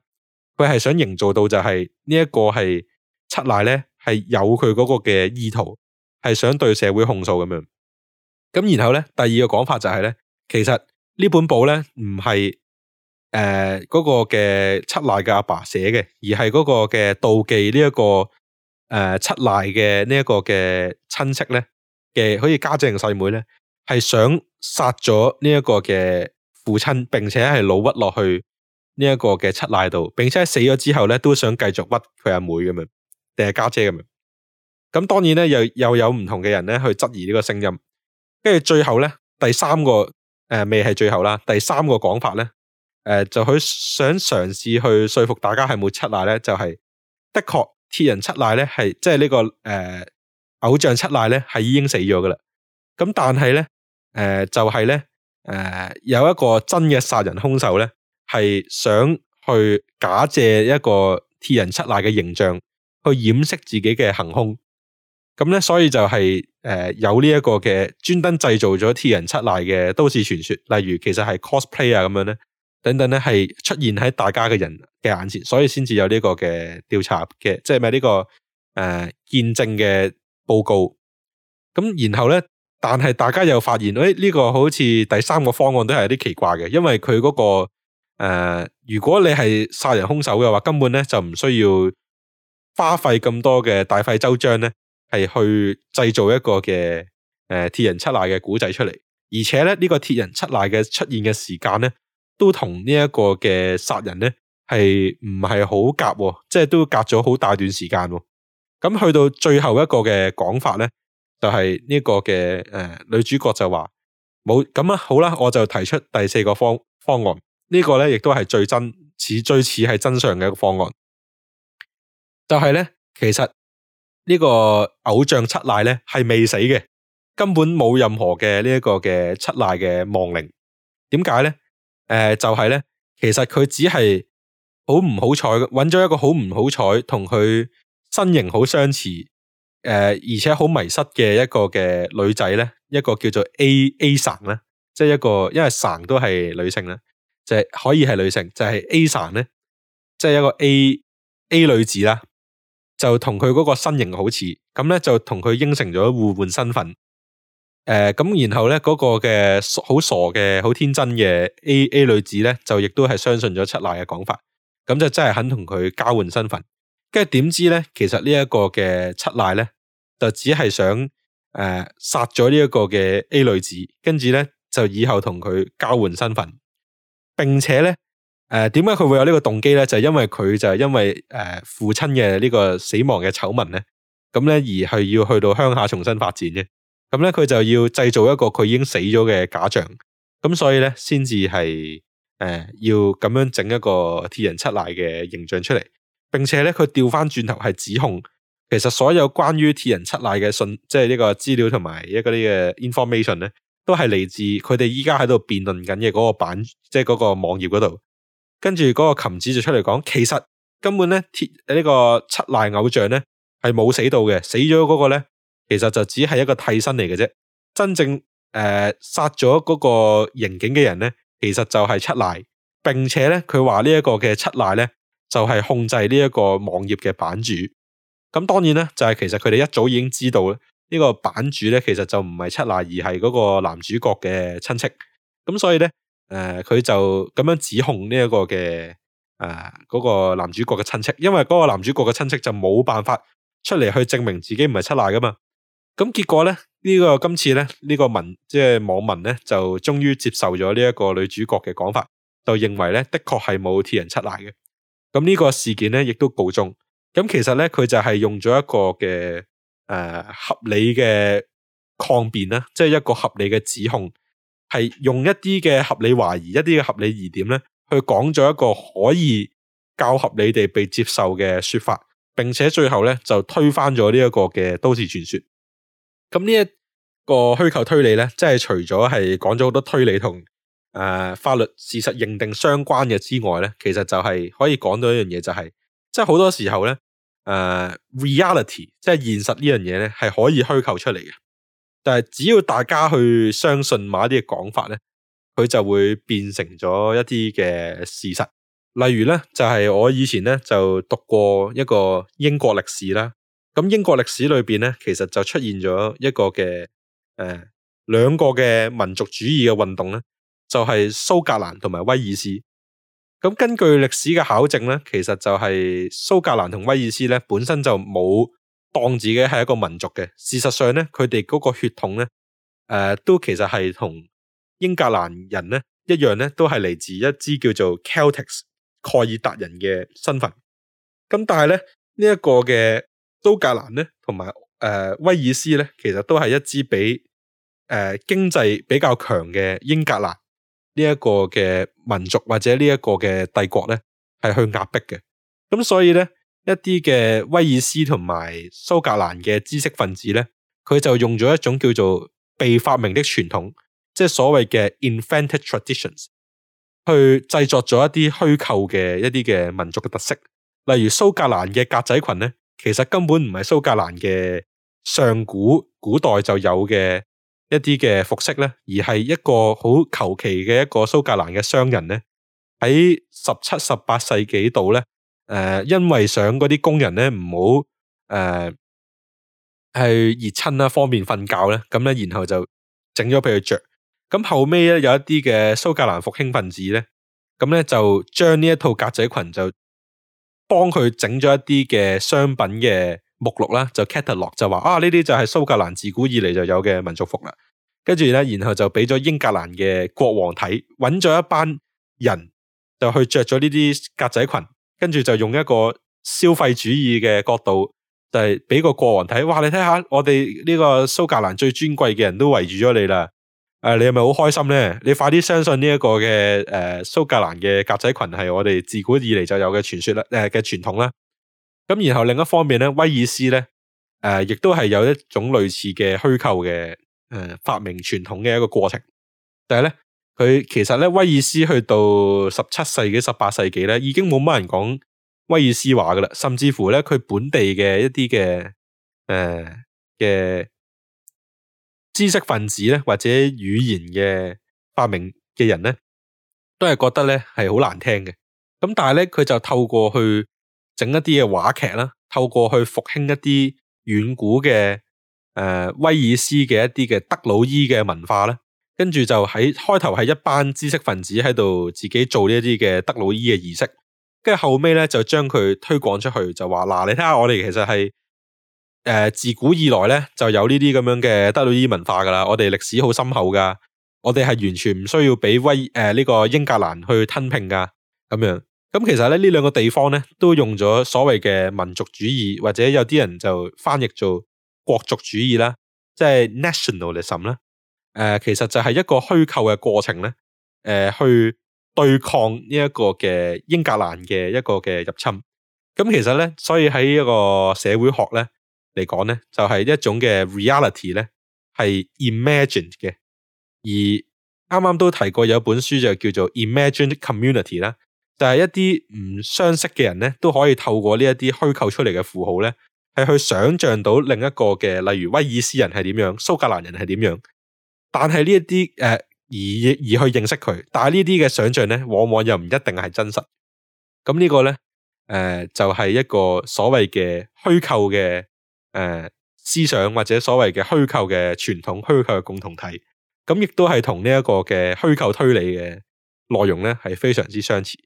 佢係想營造到就係、是這個、呢一個係七瀨咧係有佢嗰個嘅意圖，係想對社會控訴咁樣，咁然後咧第二個講法就係、是、咧，其實。本呢本簿咧唔係誒嗰個嘅七賴嘅阿爸寫嘅，而係嗰個嘅妒忌呢、這、一個誒、呃、七賴嘅呢一個嘅親戚咧嘅，好似家姐同細妹咧，係想殺咗呢一個嘅父親，並且係老屈落去呢一個嘅七賴度，並且死咗之後咧都想繼續屈佢阿妹咁樣，定係家姐咁樣。咁當然咧又又有唔同嘅人咧去質疑呢個聲音，跟住最後咧第三個。誒，未係、呃、最後啦。第三個講法咧，誒、呃，就去想嘗試去說服大家係冇七瀨咧，就係、是、的確鐵人七瀨咧，係即係呢個誒、呃、偶像七瀨咧，係已經死咗噶啦。咁但係咧，誒、呃、就係、是、咧，誒、呃、有一個真嘅殺人兇手咧，係想去假借一個鐵人七瀨嘅形象去掩飾自己嘅行兇。咁咧，所以就係、是、誒、呃、有呢一個嘅專登製造咗替人出嚟嘅都市傳說，例如其實係 cosplay 啊咁樣咧，等等咧係出現喺大家嘅人嘅眼前，所以先至有呢個嘅調查嘅，即係咪呢個誒、呃、見證嘅報告？咁然後咧，但係大家又發現誒呢、哎這個好似第三個方案都係有啲奇怪嘅，因為佢嗰、那個誒、呃，如果你係殺人凶手嘅話，根本咧就唔需要花費咁多嘅大費周章咧。係去製造一個嘅誒鐵人七瀨嘅古仔出嚟，而且咧呢、這個鐵人七瀨嘅出現嘅時間咧，都同呢一個嘅殺人咧係唔係好夾，即係都隔咗好大段時間。咁去到最後一個嘅講法咧，就係、是、呢個嘅誒、呃、女主角就話冇咁啊好啦，我就提出第四個方方案，這個、呢個咧亦都係最真似最似係真相嘅一個方案。但係咧，其實。呢個偶像七賴咧係未死嘅，根本冇任何嘅呢一個嘅七賴嘅亡靈。點解咧？誒、呃、就係、是、咧，其實佢只係好唔好彩揾咗一個好唔好彩同佢身形好相似，誒、呃、而且好迷失嘅一個嘅女仔咧，一個叫做 A A 神呢，即係一個因為神都係女性啦，就係可以係女性，就係、是就是、A 神咧，an，即係一個 A A 女子啦。就同佢嗰個身形好似，咁咧就同佢應承咗互換身份。誒、呃，咁然後咧嗰，那個嘅好傻嘅好天真嘅 A A 女子咧，就亦都係相信咗七賴嘅講法，咁就真係肯同佢交換身份。跟住點知咧，其實呢一個嘅七賴咧，就只係想誒、呃、殺咗呢一個嘅 A 女子，跟住咧就以後同佢交換身份，並且咧。誒，點解佢會有呢個動機咧？就係、因就因為佢就係因為誒父親嘅呢個死亡嘅醜聞咧，咁咧而係要去到鄉下重新發展嘅。咁咧佢就要製造一個佢已經死咗嘅假象，咁所以咧先至係誒要咁樣整一個鐵人七瀨嘅形象出嚟，並且咧佢調返轉頭係指控，其實所有關於鐵人七瀨嘅信，即係呢個資料同埋一個啲嘅 information 咧，都係嚟自佢哋依家喺度辯論緊嘅嗰個版，即係嗰個網頁嗰度。跟住嗰個琴子就出嚟講，其實根本咧，鐵、這、呢個七瀨偶像咧係冇死到嘅，死咗嗰個咧，其實就只係一個替身嚟嘅啫。真正誒、呃、殺咗嗰個刑警嘅人咧，其實就係七瀨，並且咧，佢話呢一個嘅七瀨咧就係、是、控制呢一個網頁嘅版主。咁當然咧，就係、是、其實佢哋一早已經知道呢、這個版主咧，其實就唔係七瀨，而係嗰個男主角嘅親戚。咁所以咧。誒，佢、呃、就咁樣指控呢一個嘅誒，嗰、呃那個男主角嘅親戚，因為嗰個男主角嘅親戚就冇辦法出嚟去證明自己唔係出賴噶嘛，咁、嗯、結果咧呢、這個今次咧呢、這個民即係網民咧就終於接受咗呢一個女主角嘅講法，就認為咧的確係冇替人出賴嘅。咁、嗯、呢、這個事件咧亦都告終。咁、嗯、其實咧佢就係用咗一個嘅誒、呃、合理嘅抗辯啦，即係一個合理嘅指控。係用一啲嘅合理懷疑，一啲嘅合理疑點咧，去講咗一個可以較合理地被接受嘅說法，並且最後咧，就推翻咗呢一個嘅都市傳說。咁呢一個虛構推理咧，即係除咗係講咗好多推理同誒、呃、法律事實認定相關嘅之外咧，其實就係可以講到一樣嘢，就是，就係即係好多時候咧，誒、呃、reality 即係現實呢樣嘢咧係可以虛構出嚟嘅。就係只要大家去相信某啲嘅講法咧，佢就會變成咗一啲嘅事實。例如咧，就係我以前咧就讀過一個英國歷史啦。咁英國歷史裏邊咧，其實就出現咗一個嘅、誒、兩個嘅民族主義嘅運動咧，就係蘇格蘭同埋威爾斯。咁根據歷史嘅考證咧，其實就係蘇格蘭同威爾斯咧本身就冇。當自己係一個民族嘅，事實上咧，佢哋嗰個血統咧，誒、呃，都其實係同英格蘭人咧一樣咧，都係嚟自一支叫做 Celtics 蓋爾達人嘅身份。咁但係咧，這個、呢一個嘅蘇格蘭咧，同埋誒威爾斯咧，其實都係一支比誒、呃、經濟比較強嘅英格蘭呢一個嘅民族或者呢一個嘅帝國咧，係去壓迫嘅。咁所以咧。一啲嘅威爾斯同埋蘇格蘭嘅知識分子呢，佢就用咗一種叫做被發明的傳統，即係所謂嘅 invented traditions，去製作咗一啲虛構嘅一啲嘅民族嘅特色，例如蘇格蘭嘅格仔裙呢，其實根本唔係蘇格蘭嘅上古古代就有嘅一啲嘅服飾呢，而係一個好求其嘅一個蘇格蘭嘅商人呢喺十七、十八世紀度呢。誒、呃，因為想嗰啲工人咧唔好誒係熱親啦，方便瞓覺咧，咁咧然後就整咗俾佢着。咁後尾咧有一啲嘅蘇格蘭復興分子咧，咁咧就將呢一套格仔裙就幫佢整咗一啲嘅商品嘅目錄啦，就 catalog 就話啊呢啲就係蘇格蘭自古以嚟就有嘅民族服啦。跟住咧然後就俾咗英格蘭嘅國王睇，揾咗一班人就去着咗呢啲格仔裙。跟住就用一個消費主義嘅角度，就係、是、俾個國王睇，哇！你睇下，我哋呢個蘇格蘭最尊貴嘅人都圍住咗你啦，誒，你係咪好開心咧？你快啲相信呢、這、一個嘅誒、呃、蘇格蘭嘅格仔群格仔裙，係我哋自古以嚟就有嘅傳說啦，誒、呃、嘅傳統啦。咁然後另一方面咧，威爾斯咧，誒、呃，亦都係有一種類似嘅虛構嘅，誒、呃、發明傳統嘅一個過程。但係咧。佢其實咧，威爾斯去到十七世紀、十八世紀咧，已經冇乜人講威爾斯話噶啦，甚至乎咧，佢本地嘅一啲嘅誒嘅知識分子咧，或者語言嘅發明嘅人咧，都係覺得咧係好難聽嘅。咁但係咧，佢就透過去整一啲嘅話劇啦，透過去復興一啲遠古嘅誒、呃、威爾斯嘅一啲嘅德魯伊嘅文化咧。跟住就喺開頭係一班知識分子喺度自己做呢啲嘅德魯伊嘅儀式，跟住後尾咧就將佢推廣出去，就話嗱、啊，你睇下我哋其實係誒、呃、自古以來咧就有呢啲咁樣嘅德魯伊文化噶啦，我哋歷史好深厚噶，我哋係完全唔需要俾威誒呢、呃這個英格蘭去吞併噶，咁樣咁、嗯、其實咧呢兩個地方咧都用咗所謂嘅民族主義或者有啲人就翻譯做國族主義啦，即、就、係、是、nationalism 啦。誒、呃、其實就係一個虛構嘅過程咧，誒、呃、去對抗呢一個嘅英格蘭嘅一個嘅入侵。咁其實咧，所以喺一個社會學咧嚟講咧，就係、是、一種嘅 reality 咧係 imagined 嘅。而啱啱都提過有一本書就叫做 Imagined Community 啦，就係一啲唔相識嘅人咧都可以透過呢一啲虛構出嚟嘅符號咧，係去想像到另一個嘅，例如威爾斯人係點樣，蘇格蘭人係點樣。但係呢一啲誒而而去認識佢，但係呢啲嘅想象咧，往往又唔一定係真實。咁呢個咧，誒、呃、就係、是、一個所謂嘅虛構嘅誒思想或者所謂嘅虛構嘅傳統虛構嘅共同體。咁亦都係同呢一個嘅虛構推理嘅內容咧，係非常之相似。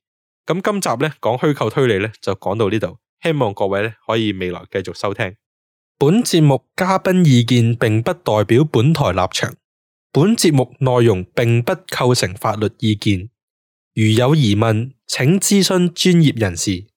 咁今集咧講虛構推理咧，就講到呢度。希望各位咧可以未來繼續收聽。本節目嘉賓意見並不代表本台立場。本節目內容並不構成法律意見，如有疑問請諮詢專業人士。